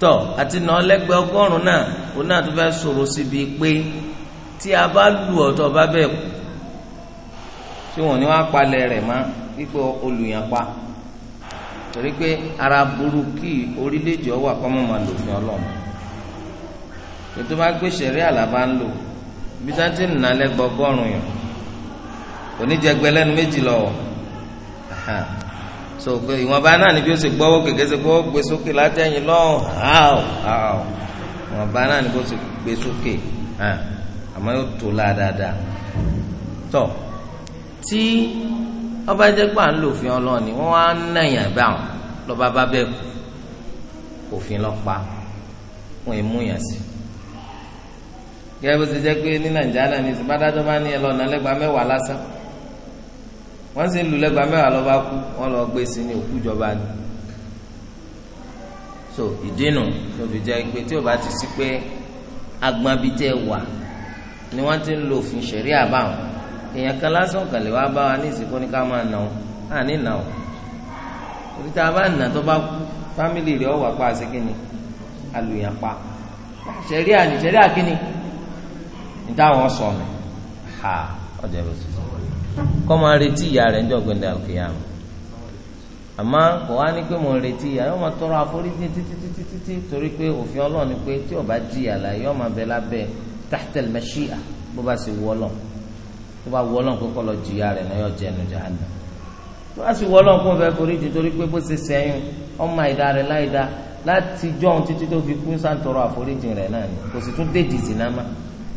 tọ́ àti náà lẹ́gbẹ̀ ọgọ́rùn náà òun náà tó fẹ́ ṣòro síbi pé tí a bá lù ọ́ tó bá bẹ̀ kú tí wọ́n ní wọ́n á palẹ̀ rẹ̀ mọ́ wípé olùyàn pa torí pé ara burú kí orílẹ̀-èdè ọwọ́ àkọ́mọ́ máa lòfin ọlọ́run ètò bá gbé sẹ̀rí àlàbá ń lò bí sáà ti nà lẹ́gbọ̀ bọ́ọ̀rùn yàn oníjẹgbẹ́ lẹ́nu méjì lọ́wọ́ so ìwọ̀nba náà ni bí ó ṣe gbọ́wọ́ gègé ṣe gbọ́wọ́ gbé sókè látẹ̀yìn lọ́hùn áò áò ìwọ̀nba náà ni bí ó ṣe gbé sókè àmọ́ yóò tó la dáadáa tọ́ tí ọba jẹ́ pà ń lò fún ọlọ́ọ̀ni wọ́n wá ń nàyàn báwọn lọ́ba bá bẹ́ẹ̀ kò òfin lọ́pa fún ìmúyàn sí i. gẹ́gẹ́ bó ti jẹ́ pé ní nàìjíríà náà ní ìsìnkú bá ní ẹlọ́ọ̀nà lẹ́gbàá mẹ́wàá lásán wọ́n sì ń lu lẹ́gbàá mẹ́wàá lọ́ba kú wọ́n lọ gbé sí ní òkú ìjọba ni. so ìdínú tó fi tí o bá ti sí pé wà ni wọ́n ti ń lo òfin ṣẹ̀rí àbáwọn nítawọn sọ mi ha ọjà bó ti sọ kọ́ máa retí ìyá rẹ̀ níjọ́ gbẹ̀ndà òkè àmọ́ kò wá ní pé mo ń retí ìyá yóò máa tọrọ àforíjì títí títí títí torí pé òfin ọlọ́ọ̀ni pé tí ó bá di àlà yóò máa bẹ lábẹ́ tahtal mashia bó bá ṣe wọ́lọ̀ tó bá wọ́lọ̀ pé kọ́ lọ jìyà rẹ̀ náà yóò jẹnu jahanna tó bá sì wọ́lọ̀ kó fẹ́ foríjì torí pé bó ṣe sẹ́yìn ọmọ àìda rẹ̀ láìda láti jọ́hun títí tó fi kú sáńtọrọ àforíjì rẹ̀ náà ni kò sì tún dé dìzì náà máa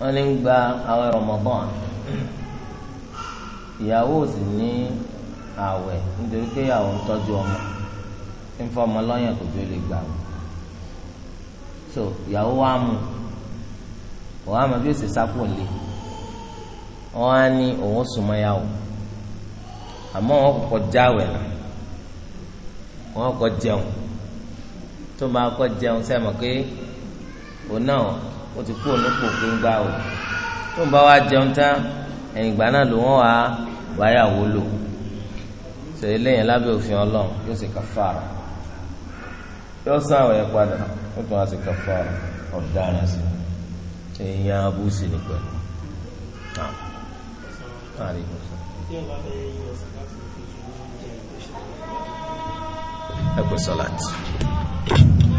wọ́n lè ń gba àwẹ̀ Ramadan ìyàwó sì ní àwẹ̀ nítorí pé ìyàwó ń tọ́jú ọmọ ń ọmọ lọ́yàn kò so ìyàwó wa mú òun àmọ́ bí ó sì sápò lé wọ́n á ní òun súnmọ́ àmọ́ jáwẹ̀ jẹun tó máa kọ́ jẹun pé òun náà ó ti kú onípò pé ń gbá o tó ń bá wa jẹun tán ẹ̀yìn ìgbà náà ló wọ́n wá wáyàwó lò ṣe eléyìn lábẹ́ òfin ọlọ́run yóò ṣe kàfàrà yóò sàn àwọn yẹn padà ó tún wá ṣe kàfàrà ọ̀daràn sí i èèyàn abúsì ní pẹ̀lú.
Ẹ pè sọ́láàtì.